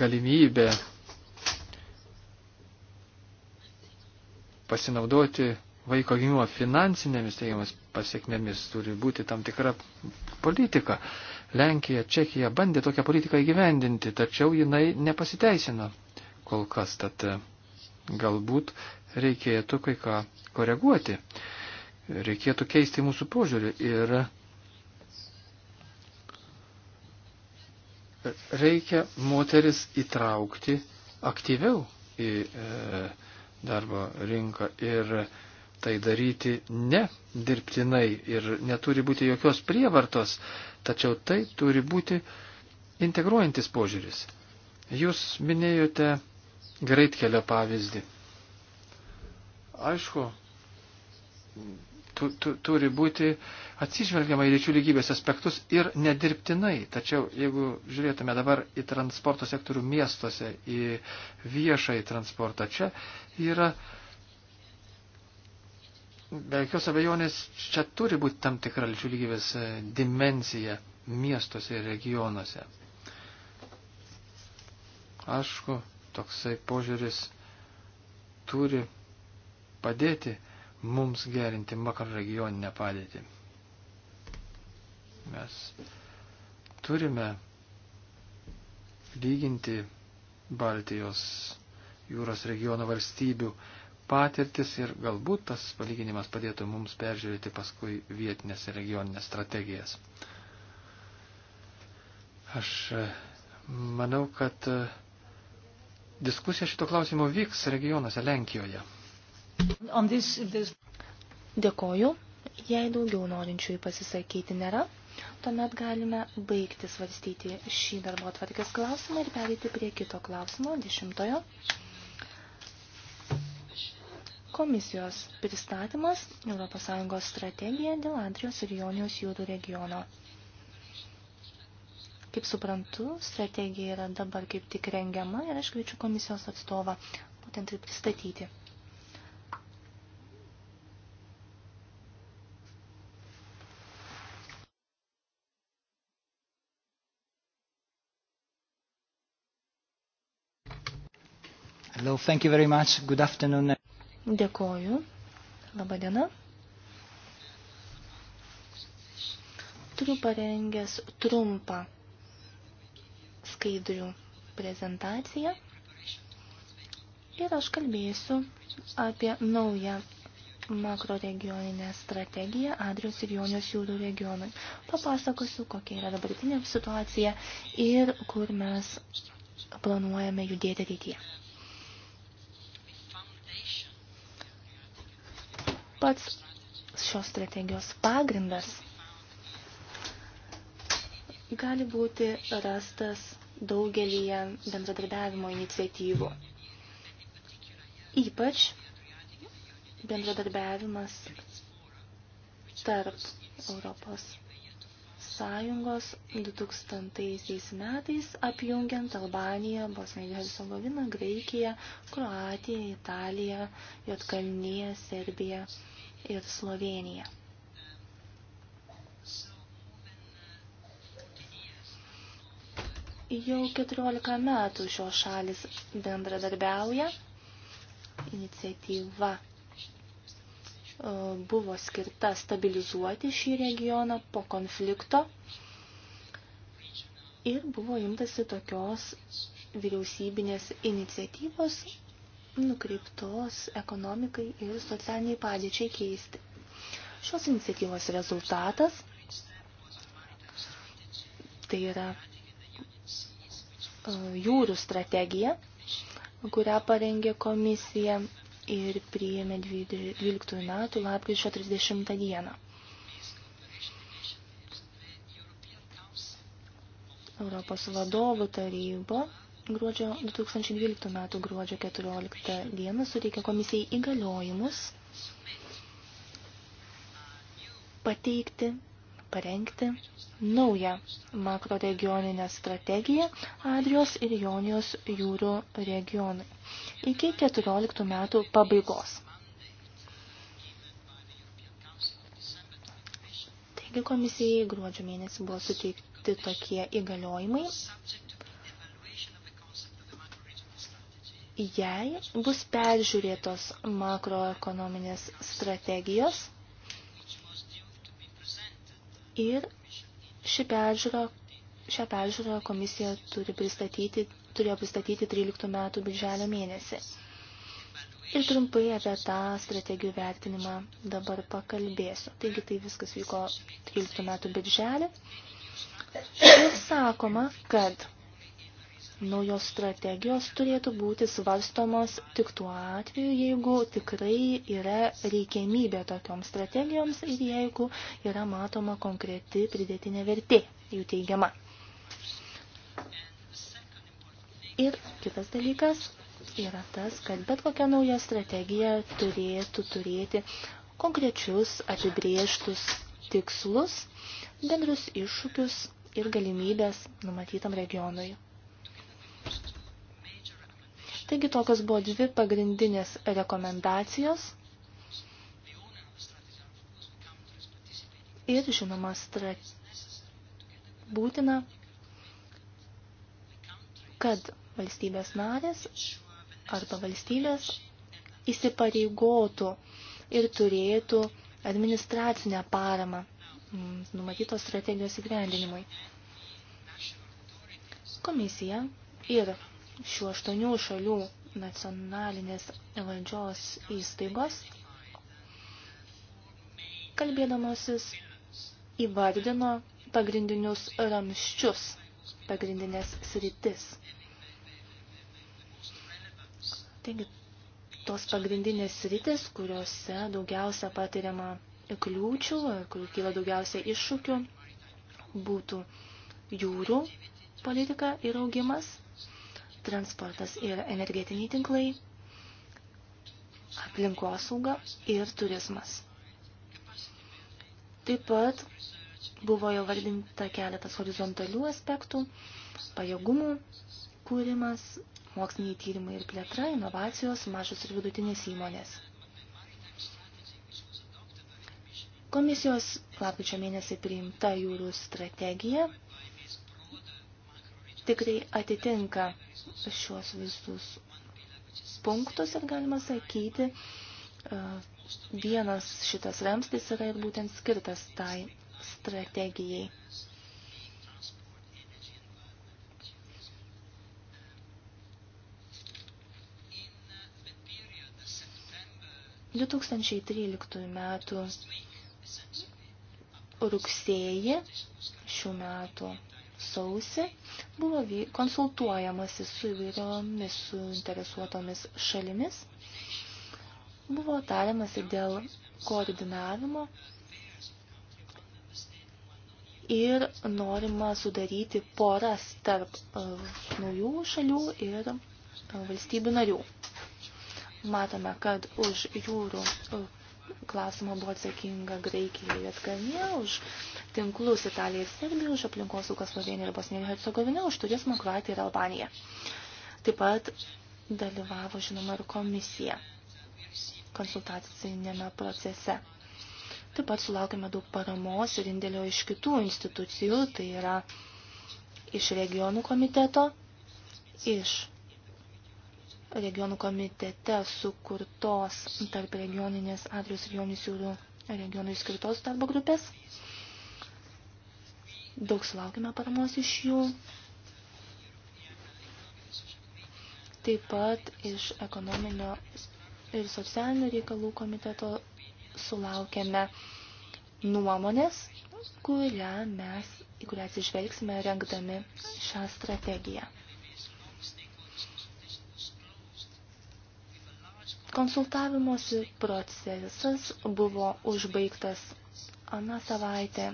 galimybė pasinaudoti vaiko gimimo finansinėmis teigiamas pasiekmėmis turi būti tam tikra politika. Lenkija, Čekija bandė tokią politiką įgyvendinti, tačiau jinai nepasiteisino kol kas, tad e, galbūt reikėtų kai ką koreguoti, reikėtų keisti mūsų požiūrį ir reikia moteris įtraukti aktyviau į e, darbo rinką ir tai daryti ne dirbtinai ir neturi būti jokios prievartos, tačiau tai turi būti integruojantis požiūris. Jūs minėjote greitkelio pavyzdį. Aišku, tu, tu, turi būti atsižvelgiama į lyčių lygybės aspektus ir nedirbtinai. Tačiau jeigu žiūrėtume dabar į transporto sektorių miestuose, į viešąjį transportą, čia yra be jokios abejonės, čia turi būti tam tikra lyčių lygybės e, dimensija miestuose ir regionuose. Aišku, toksai požiūris turi padėti mums gerinti makroregioninę padėtį. Mes turime lyginti Baltijos jūros regiono valstybių patirtis ir galbūt tas palyginimas padėtų mums peržiūrėti paskui vietinės ir regioninės strategijas. Aš e, manau, kad e, diskusija šito klausimo vyks regionuose Lenkijoje. This, this... Dėkoju. Jei daugiau norinčiųjų pasisakyti nėra, tuomet galime baigti svarstyti šį darbo atvarkės klausimą ir perėti prie kito klausimo, dešimtojo. Komisijos pristatymas ES strategija dėl Antrijos ir Jonijos jūrų regiono. Kaip suprantu, strategija yra dabar kaip tik rengiama ir aš kviečiu komisijos atstovą būtent ir pristatyti. Hello, thank you very much. Good afternoon. Dėkoju. Labadiena. Turiu parengęs trumpą skaidrių prezentaciją ir aš kalbėsiu apie naują makroregioninę strategiją Adrios ir Jonijos jūrų regionui. Papasakosiu, kokia yra dabartinė situacija ir kur mes planuojame judėti ateityje. pats šios strategijos pagrindas gali būti rastas daugelyje bendradarbiavimo iniciatyvų. Ypač bendradarbiavimas tarp Europos Sąjungos 2000 metais apjungiant Albaniją, Bosniją, Hercegoviną, Graikiją, Kroatiją, Italiją, Jotkalniją, Serbiją ir Slovenija. Jau 14 metų šios šalis bendradarbiauja. Iniciatyva e, buvo skirta stabilizuoti šį regioną po konflikto ir buvo imtasi tokios vyriausybinės iniciatyvos nukreiptos ekonomikai ir socialiniai padėčiai keisti. Šios iniciatyvos rezultatas tai yra e, jūrų strategija, kurią parengė komisija ir priėmė 12 metų lapkričio 30 dieną. Europos vadovų taryba gruodžio 2012 metų gruodžio 14 dieną suteikė komisijai įgaliojimus pateikti, parengti naują makroregioninę strategiją Adrios ir Jonijos jūrų regionui iki 14 metų pabaigos. Taigi komisijai gruodžio mėnesį buvo suteikti tokie įgaliojimai jei bus peržiūrėtos makroekonominės strategijos ir ši peržiūra, šią peržiūrą komisija turi pristatyti, turėjo pristatyti 13 metų birželio mėnesį. Ir trumpai apie tą strategijų vertinimą dabar pakalbėsiu. Taigi tai viskas vyko 13 metų birželį. Ir sakoma, kad naujos strategijos turėtų būti svarstomos tik tuo atveju, jeigu tikrai yra reikiamybė tokioms strategijoms ir jeigu yra matoma konkreti pridėtinė vertė jų teigiama. Ir kitas dalykas yra tas, kad bet kokia nauja strategija turėtų turėti konkrečius apibrėžtus tikslus, bendrus iššūkius ir galimybės numatytam regionui. Taigi tokios buvo dvi pagrindinės rekomendacijos. Ir žinoma, stra... būtina, kad valstybės narės arba valstybės įsipareigotų ir turėtų administracinę paramą mm, numatytos strategijos įgyvendinimui. Komisija ir šių aštuonių šalių nacionalinės valdžios įstaigos, kalbėdamasis įvardino pagrindinius ramščius, pagrindinės sritis. Taigi, tos pagrindinės sritis, kuriuose daugiausia patiriama kliūčių, kur kyla daugiausia iššūkių, būtų jūrų politika ir augimas – transportas ir energetiniai tinklai, aplinkosauga ir turizmas. Taip pat buvo jau vardinta keletas horizontalių aspektų, pajėgumų kūrimas, moksliniai tyrimai ir plėtra, inovacijos, mažos ir vidutinės įmonės. Komisijos lapkričio mėnesį priimta jūrų strategija tikrai atitinka šiuos visus punktus ir galima sakyti, e, vienas šitas remstis yra ir būtent skirtas tai strategijai. Du tūkstančiai tryliktųjų metų rugsėjį šių metų sausį Buvo konsultuojamasi su įvairiomis suinteresuotomis šalimis. Buvo tariamasi dėl koordinavimo ir norima sudaryti poras tarp uh, naujų šalių ir uh, valstybių narių. Matome, kad už jūrų uh, klausimą buvo atsakinga Graikija ir Jotkalnija, už tinklus Italija ir Serbija, už aplinkos saugas Slovenija ir Bosnija ir Hercegovina, už turizmą Kroatija ir Albanija. Taip pat dalyvavo, žinoma, ir komisija konsultacinėme procese. Taip pat sulaukime daug paramos ir indėlio iš kitų institucijų, tai yra iš regionų komiteto, iš regionų komitete sukurtos tarp regioninės Adrios ir Jonis jūrų regionui skirtos darbo grupės. Daug sulaukime paramos iš jų. Taip pat iš ekonominio ir socialinių reikalų komiteto sulaukėme nuomonės, kurią mes, į kurią atsižvelgsime rengdami šią strategiją. Konsultavimosi procesas buvo užbaigtas aną savaitę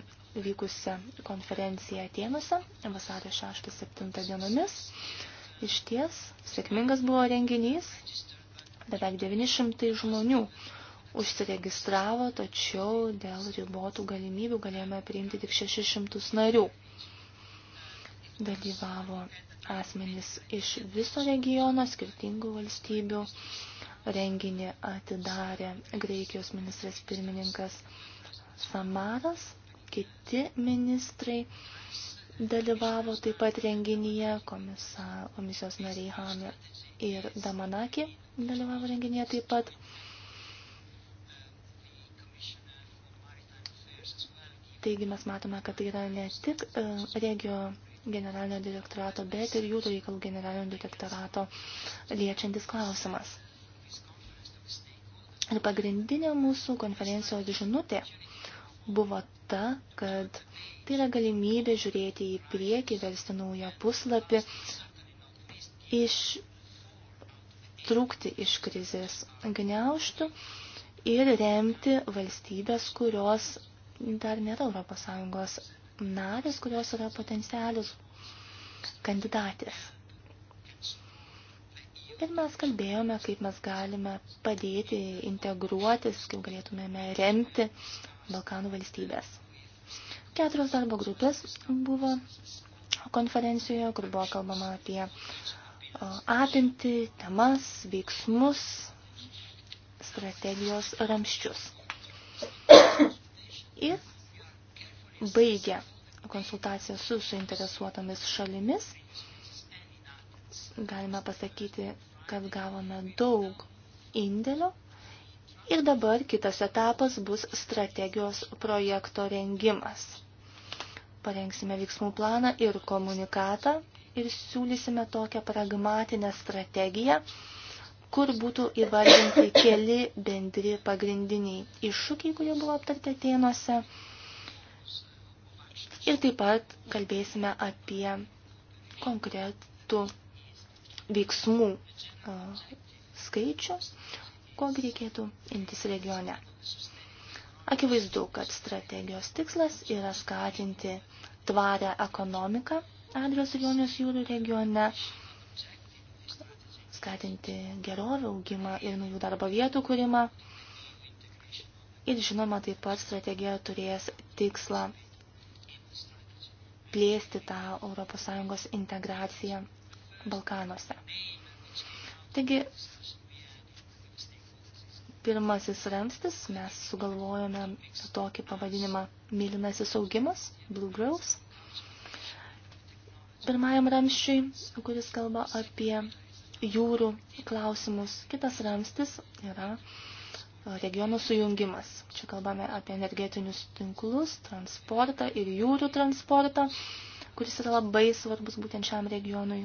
vykusią konferenciją Atenuose vasario 6-7 dienomis. Iš ties sėkmingas buvo renginys, beveik 900 žmonių užsiregistravo, tačiau dėl ribotų galimybių galėjome priimti tik 600 narių. Dalyvavo asmenys iš viso regiono, skirtingų valstybių renginį atidarė Graikijos ministras pirmininkas Samaras, kiti ministrai dalyvavo taip pat renginyje, komisar, komisijos nariai Hamė ir Damanaki dalyvavo renginyje taip pat. Taigi mes matome, kad tai yra ne tik e, regio generalinio direktorato, bet ir jūrų reikalų generalinio direktorato liečiantis klausimas. Ir pagrindinė mūsų konferencijos žinutė buvo ta, kad tai yra galimybė žiūrėti į priekį, versti naują puslapį, ištrūkti iš krizės gniauštų ir remti valstybės, kurios dar nėra Europos Sąjungos narės, kurios yra potencialius kandidatės. Ir mes kalbėjome, kaip mes galime padėti integruotis, kaip galėtumėme remti Balkanų valstybės. Keturios darbo grupės buvo konferencijoje, kur buvo kalbama apie apimti, temas, veiksmus, strategijos ramščius. Ir baigė konsultaciją su suinteresuotomis šalimis – galime pasakyti, kad gavome daug indėlio ir dabar kitas etapas bus strategijos projekto rengimas. Parengsime veiksmų planą ir komunikatą ir siūlysime tokią pragmatinę strategiją, kur būtų įvardinti keli bendri pagrindiniai iššūkiai, kurie buvo aptarti atėnuose. Ir taip pat kalbėsime apie konkretų veiksmų skaičius, ko reikėtų imtis regione. Akivaizdu, kad strategijos tikslas yra skatinti tvarę ekonomiką Adrios ir Jonės jūrų regione, skatinti gerovę augimą ir naujų darbo vietų kūrimą. Ir žinoma, taip pat strategija turės tikslą plėsti tą ES integraciją Balkanuose. Taigi, pirmasis ramstis, mes sugalvojome tokį pavadinimą Mylinasis augimas, Blue Growth. Pirmajam ramščiui, kuris kalba apie jūrų klausimus, kitas ramstis yra regionų sujungimas. Čia kalbame apie energetinius tinklus, transportą ir jūrų transportą, kuris yra labai svarbus būtent šiam regionui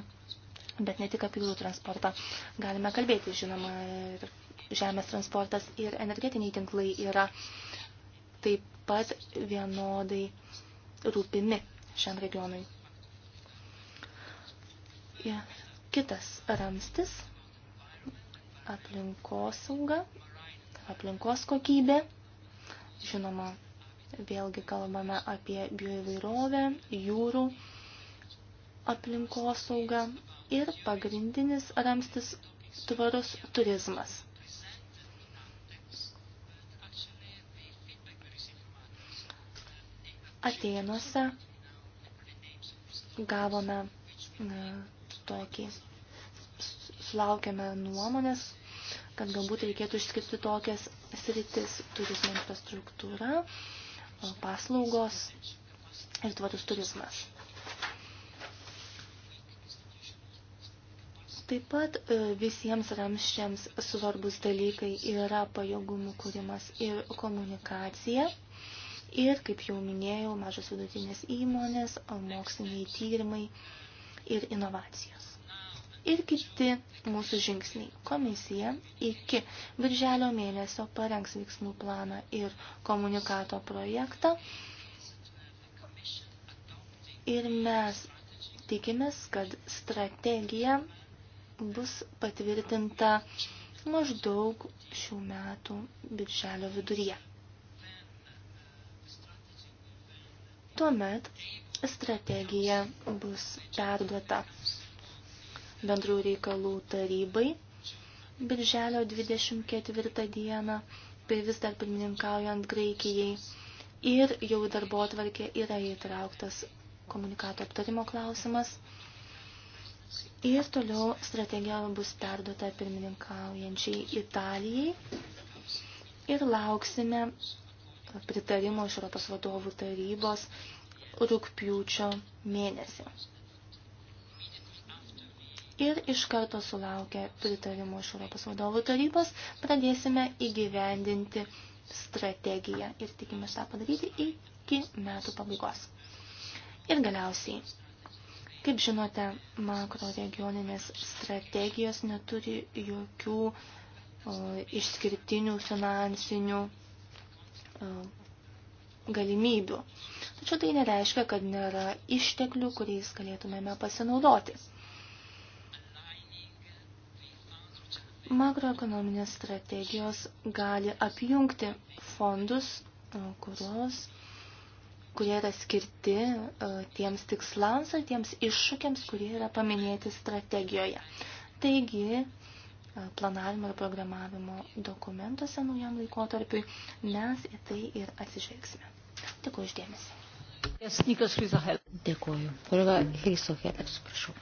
bet ne tik apie jūrų transportą. Galime kalbėti, žinoma, ir žemės transportas ir energetiniai tinklai yra taip pat vienodai rūpimi šiam regionui. Ja. Kitas ramstis – aplinkosauga, aplinkos kokybė. Žinoma, vėlgi kalbame apie bioįvairovę, jūrų aplinkosaugą, ir pagrindinis ramstis tvarus turizmas. Atenuose gavome tokį, sulaukėme nuomonės, kad galbūt reikėtų išskirti tokias sritis turizmo infrastruktūra, paslaugos ir tvarus turizmas. Taip pat e, visiems ramščiams svarbus dalykai yra pajėgumų kūrimas ir komunikacija. Ir, kaip jau minėjau, mažos vidutinės įmonės, moksliniai tyrimai ir inovacijos. Ir kiti mūsų žingsniai. Komisija iki birželio mėnesio parengs veiksmų planą ir komunikato projektą. Ir mes tikimės, kad strategija bus patvirtinta maždaug šių metų birželio viduryje. Tuomet strategija bus perduota bendrų reikalų tarybai birželio 24 dieną, tai vis dar pirmininkaujant Graikijai. Ir jau darbo atvarkė yra įtrauktas komunikato aptarimo klausimas – Ir toliau strategija bus perduota pirmininkaujančiai Italijai ir lauksime pritarimo iš Europos vadovų tarybos rūpjūčio mėnesį. Ir iš karto sulaukę pritarimo iš Europos vadovų tarybos pradėsime įgyvendinti strategiją ir tikimės tą padaryti iki metų pabaigos. Ir galiausiai Kaip žinote, makro regioninės strategijos neturi jokių o, išskirtinių finansinių o, galimybių. Tačiau tai nereiškia, kad nėra išteklių, kuriais galėtumėme pasinaudoti. Makroekonominės strategijos gali apjungti fondus, kurios kurie yra skirti e, tiems tikslams ar tiems iššūkiams, kurie yra paminėti strategijoje. Taigi, e, planavimo ir programavimo dokumentuose naujam laikotarpiui mes į tai ir atsižvelgsime. Dėkuoju išdėmesį. Dėkuoju. Kolega Hrisohel, atsiprašau.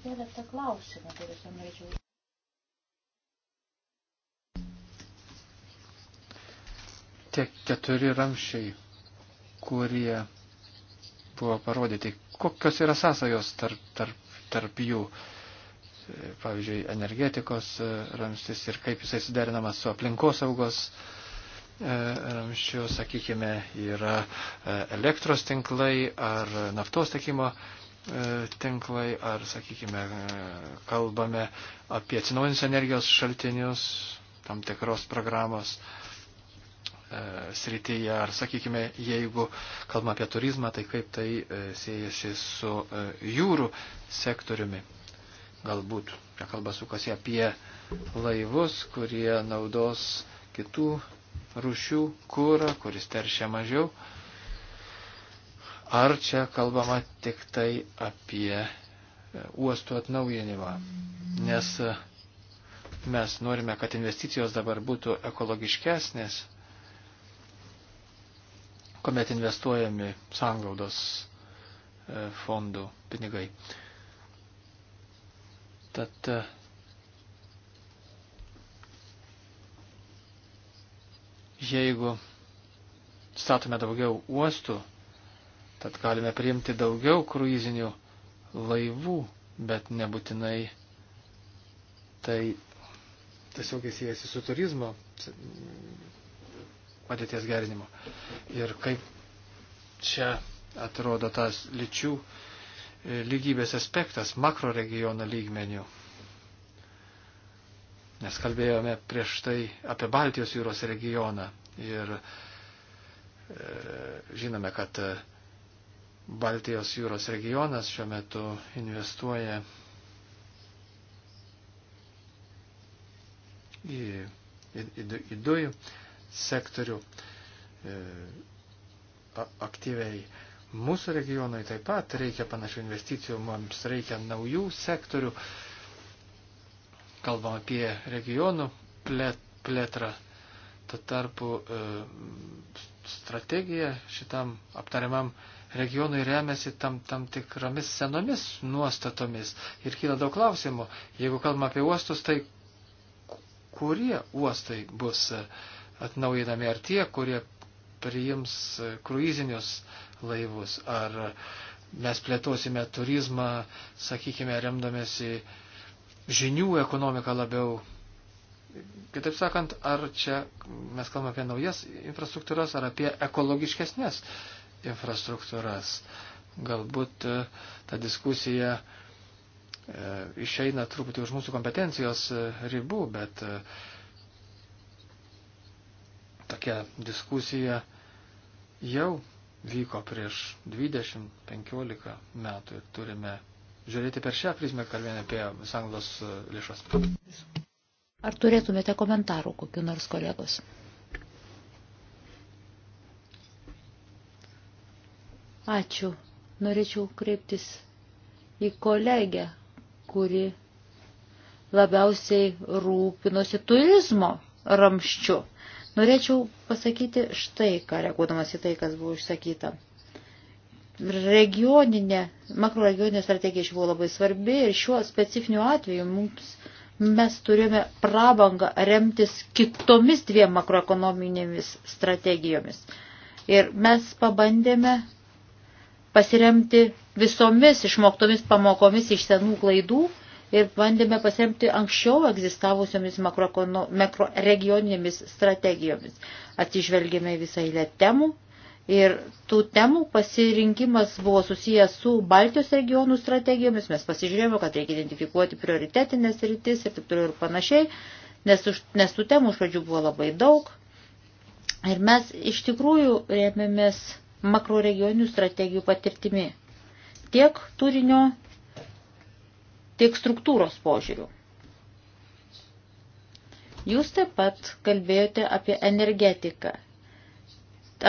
keletą klausimų, kuriuos norėčiau tie keturi ramšiai, kurie buvo parodyti, kokios yra sąsajos tarp, tarp, tarp jų, pavyzdžiui, energetikos e, ramstis ir kaip jisai suderinamas su aplinkosaugos e, ramščiu, sakykime, yra e, elektros tinklai ar naftos tiekimo tinklai, ar, sakykime, kalbame apie atsinaujinus energijos šaltinius, tam tikros programos. Uh, E, srityje, ar sakykime, jeigu kalbame apie turizmą, tai kaip tai e, siejasi su e, jūrų sektoriumi. Galbūt čia kalba sukasi apie laivus, kurie naudos kitų rušių kūrą, kuris teršia mažiau. Ar čia kalbama tik tai apie uostų atnaujinimą? Nes mes norime, kad investicijos dabar būtų ekologiškesnės, kuomet investuojami sanglaudos e, fondų pinigai. Tad e, jeigu statome daugiau uostų, tad galime priimti daugiau kruizinių laivų, bet nebūtinai tai tiesiog siejasi su turizmo padėties gerinimo. Ir kaip čia atrodo tas lyčių e, lygybės aspektas makro regiono lygmenių. Nes kalbėjome prieš tai apie Baltijos jūros regioną ir e, žinome, kad e, Baltijos jūros regionas šiuo metu investuoja į, į, į, į dujų sektorių e, aktyviai. Mūsų regionui taip pat reikia panašių investicijų, mums reikia naujų sektorių. Kalbam apie regionų plėtrą. Tuo tarpu e, strategija šitam aptariamam regionui remiasi tam, tam tikromis senomis nuostatomis. Ir kyla daug klausimų. Jeigu kalbam apie uostus, tai kurie uostai bus uh, atnaujinami, ar tie, kurie priims kruizinius laivus, ar mes plėtosime turizmą, sakykime, remdamėsi žinių ekonomiką labiau. Kitaip sakant, ar čia mes kalbame apie naujas infrastruktūras, ar apie ekologiškesnės infrastruktūras. Galbūt e, ta diskusija e, išeina truputį už mūsų kompetencijos e, ribų, bet tokia diskusija jau vyko prieš 20-15 metų ir turime žiūrėti per šią prizmę, kalbėjome apie sanglos e, lėšas. Ar turėtumėte komentarų kokiu nors kolegos? Ačiū. Norėčiau kreiptis į kolegę, kuri labiausiai rūpinosi turizmo ramščiu. Norėčiau pasakyti štai, ką reaguodamas į tai, kas buvo išsakyta. Regioninė, makroregioninė strategija iš buvo labai svarbi ir šiuo specifiniu atveju mums mes turėjome prabangą remtis kitomis dviem makroekonominėmis strategijomis. Ir mes pabandėme pasiremti visomis išmoktomis pamokomis iš senų klaidų ir bandėme pasiremti anksčiau egzistavusiomis makroregioninėmis strategijomis. Atsižvelgėme į visą eilę temų ir tų temų pasirinkimas buvo susijęs su Baltijos regionų strategijomis. Mes pasižiūrėjome, kad reikia identifikuoti prioritetinės rytis ir taip toliau ir panašiai, nes, už, nes tų temų iš pradžių buvo labai daug. Ir mes iš tikrųjų rėmėmės makroregioninių strategijų patirtimi. Tiek turinio tiek struktūros požiūrių. Jūs taip pat kalbėjote apie energetiką.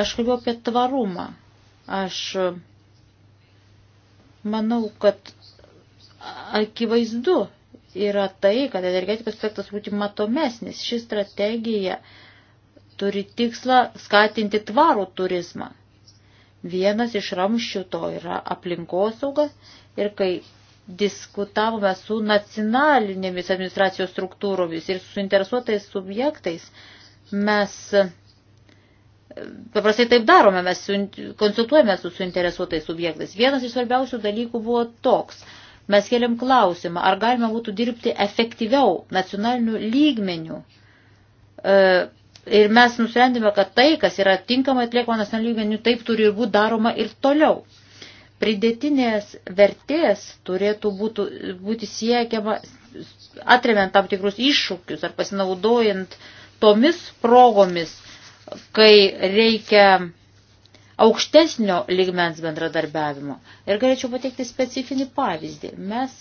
Aš kalbėjau apie tvarumą. Aš e, manau, kad akivaizdu yra tai, kad energetikos aspektas būti matomesnis. Ši strategija turi tikslą skatinti tvarų turizmą. Vienas iš ramščių to yra aplinkosauga ir kai diskutavome su nacionalinėmis administracijos struktūromis ir suinteresuotais subjektais. Mes paprastai taip darome, mes konsultuojame su suinteresuotais subjektais. Vienas iš svarbiausių dalykų buvo toks. Mes keliam klausimą, ar galima būtų dirbti efektyviau nacionaliniu lygmeniu. E, ir mes nusprendėme, kad tai, kas yra tinkamai atliekama nacionaliniu lygmeniu, taip turi ir būti daroma ir toliau. Pridėtinės vertės turėtų būtų, būti siekiama atremiant tam tikrus iššūkius ar pasinaudojant tomis progomis, kai reikia aukštesnio lygmens bendradarbiavimo. Ir galėčiau pateikti specifinį pavyzdį. Mes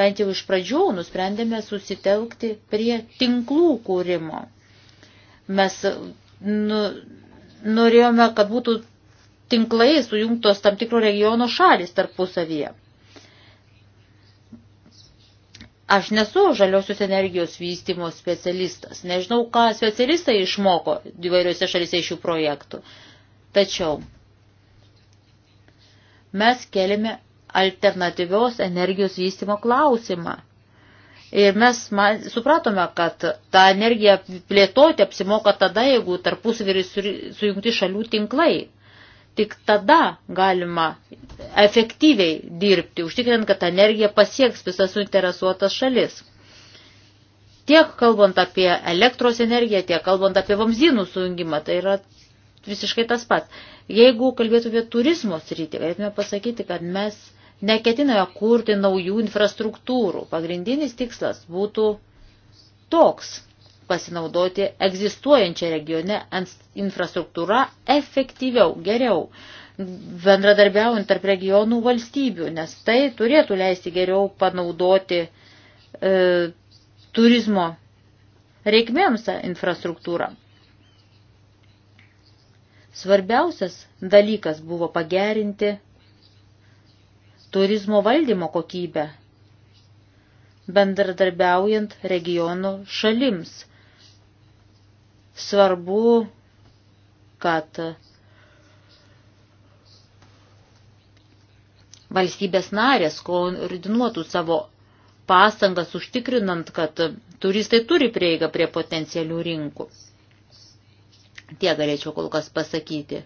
bent jau iš pradžių nusprendėme susitelkti prie tinklų kūrimo. Mes nu, norėjome, kad būtų tinklai sujungtos tam tikro regiono šalis tarpusavyje. Aš nesu žaliosios energijos vystymo specialistas. Nežinau, ką specialistai išmoko įvairiose šalise iš šių projektų. Tačiau mes keliame alternatyvios energijos vystymo klausimą. Ir mes man, supratome, kad tą energiją plėtoti apsimoka tada, jeigu tarpusavį sujungti šalių tinklai. Tik tada galima efektyviai dirbti, užtikrint, kad energija pasieks visas suinteresuotas šalis. Tiek kalbant apie elektros energiją, tiek kalbant apie vamzynų sujungimą, tai yra visiškai tas pats. Jeigu kalbėtume turizmo sritį, galėtume pasakyti, kad mes neketiname kurti naujų infrastruktūrų. Pagrindinis tikslas būtų toks pasinaudoti egzistuojančią regione infrastruktūrą efektyviau, geriau, bendradarbiaujant tarp regionų valstybių, nes tai turėtų leisti geriau panaudoti e, turizmo reikmėms infrastruktūrą. Svarbiausias dalykas buvo pagerinti turizmo valdymo kokybę, bendradarbiaujant regionų šalims, Svarbu, kad valstybės narės koordinuotų savo pastangas užtikrinant, kad turistai turi prieigą prie potencialių rinkų. Tie galėčiau kol kas pasakyti.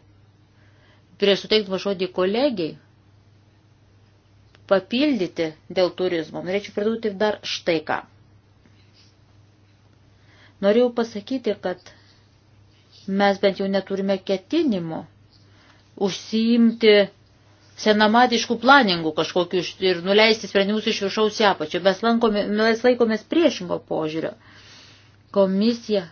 Prieš suteikdama žodį kolegiai, papildyti dėl turizmo, norėčiau pridurti dar štai ką. Norėjau pasakyti, kad mes bent jau neturime ketinimų užsiimti senamadiškų planingų kažkokiu ir nuleisti sprendimus iš viršaus į apačią. Mes, lankome, mes laikomės priešingo požiūrio. Komisija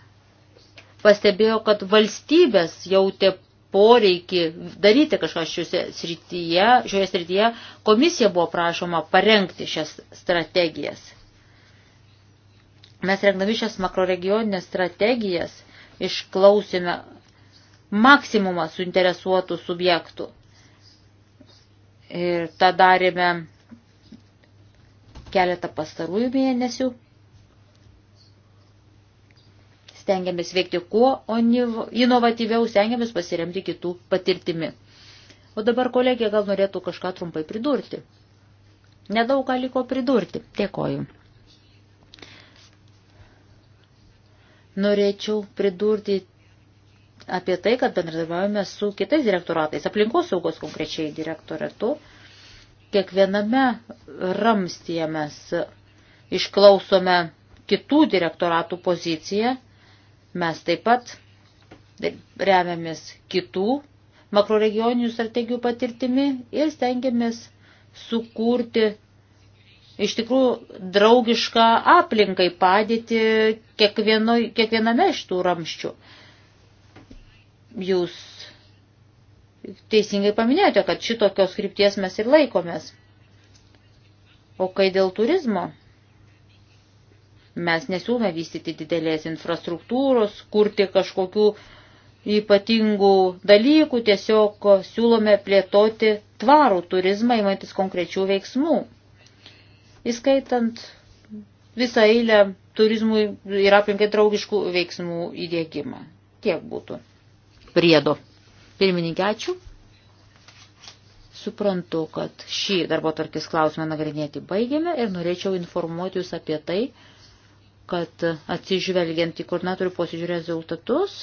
pastebėjo, kad valstybės jautė poreikį daryti kažką šioje srityje, šioje srityje. Komisija buvo prašoma parengti šias strategijas. Mes rengdami šias makroregioninės strategijas – išklausėme maksimumą suinteresuotų subjektų. Ir tą darėme keletą pastarųjų mėnesių. Stengiamės veikti kuo inovatyviau, stengiamės pasiremti kitų patirtimi. O dabar kolegė gal norėtų kažką trumpai pridurti. Nedaug ką liko pridurti. Dėkoju. Norėčiau pridurti apie tai, kad bendradarbiavame su kitais direktoratais, aplinkos saugos konkrečiai direktoratu. Kiekviename ramstyje mes išklausome kitų direktoratų poziciją, mes taip pat remiamės kitų makroregioninių strategijų patirtimi ir stengiamės sukurti iš tikrųjų draugišką aplinkai padėti kiekvieno, kiekviename iš tų ramščių. Jūs teisingai paminėjote, kad šitokios krypties mes ir laikomės. O kai dėl turizmo? Mes nesiūlome vystyti didelės infrastruktūros, kurti kažkokių ypatingų dalykų, tiesiog siūlome plėtoti tvarų turizmą įmantis konkrečių veiksmų įskaitant visą eilę turizmui ir aplinkai draugiškų veiksmų įdėgymą. Tiek būtų. Priedo. Pirmininkė, ačiū. Suprantu, kad šį darbo tarkis klausimą nagrinėti baigėme ir norėčiau informuoti Jūs apie tai, kad atsižvelgiant į koordinatorių posėdžių rezultatus,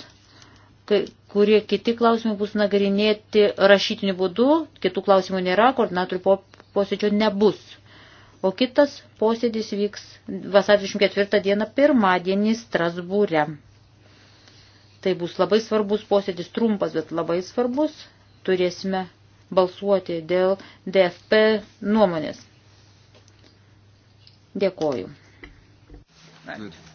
kurie kiti klausimai bus nagrinėti rašytiniu būdu, kitų klausimų nėra, koordinatorių posėdžio nebus o kitas posėdis vyks vasario 24 dieną pirmadienį Strasbūre. Tai bus labai svarbus posėdis, trumpas, bet labai svarbus. Turėsime balsuoti dėl DFP nuomonės. Dėkoju. Ačiū.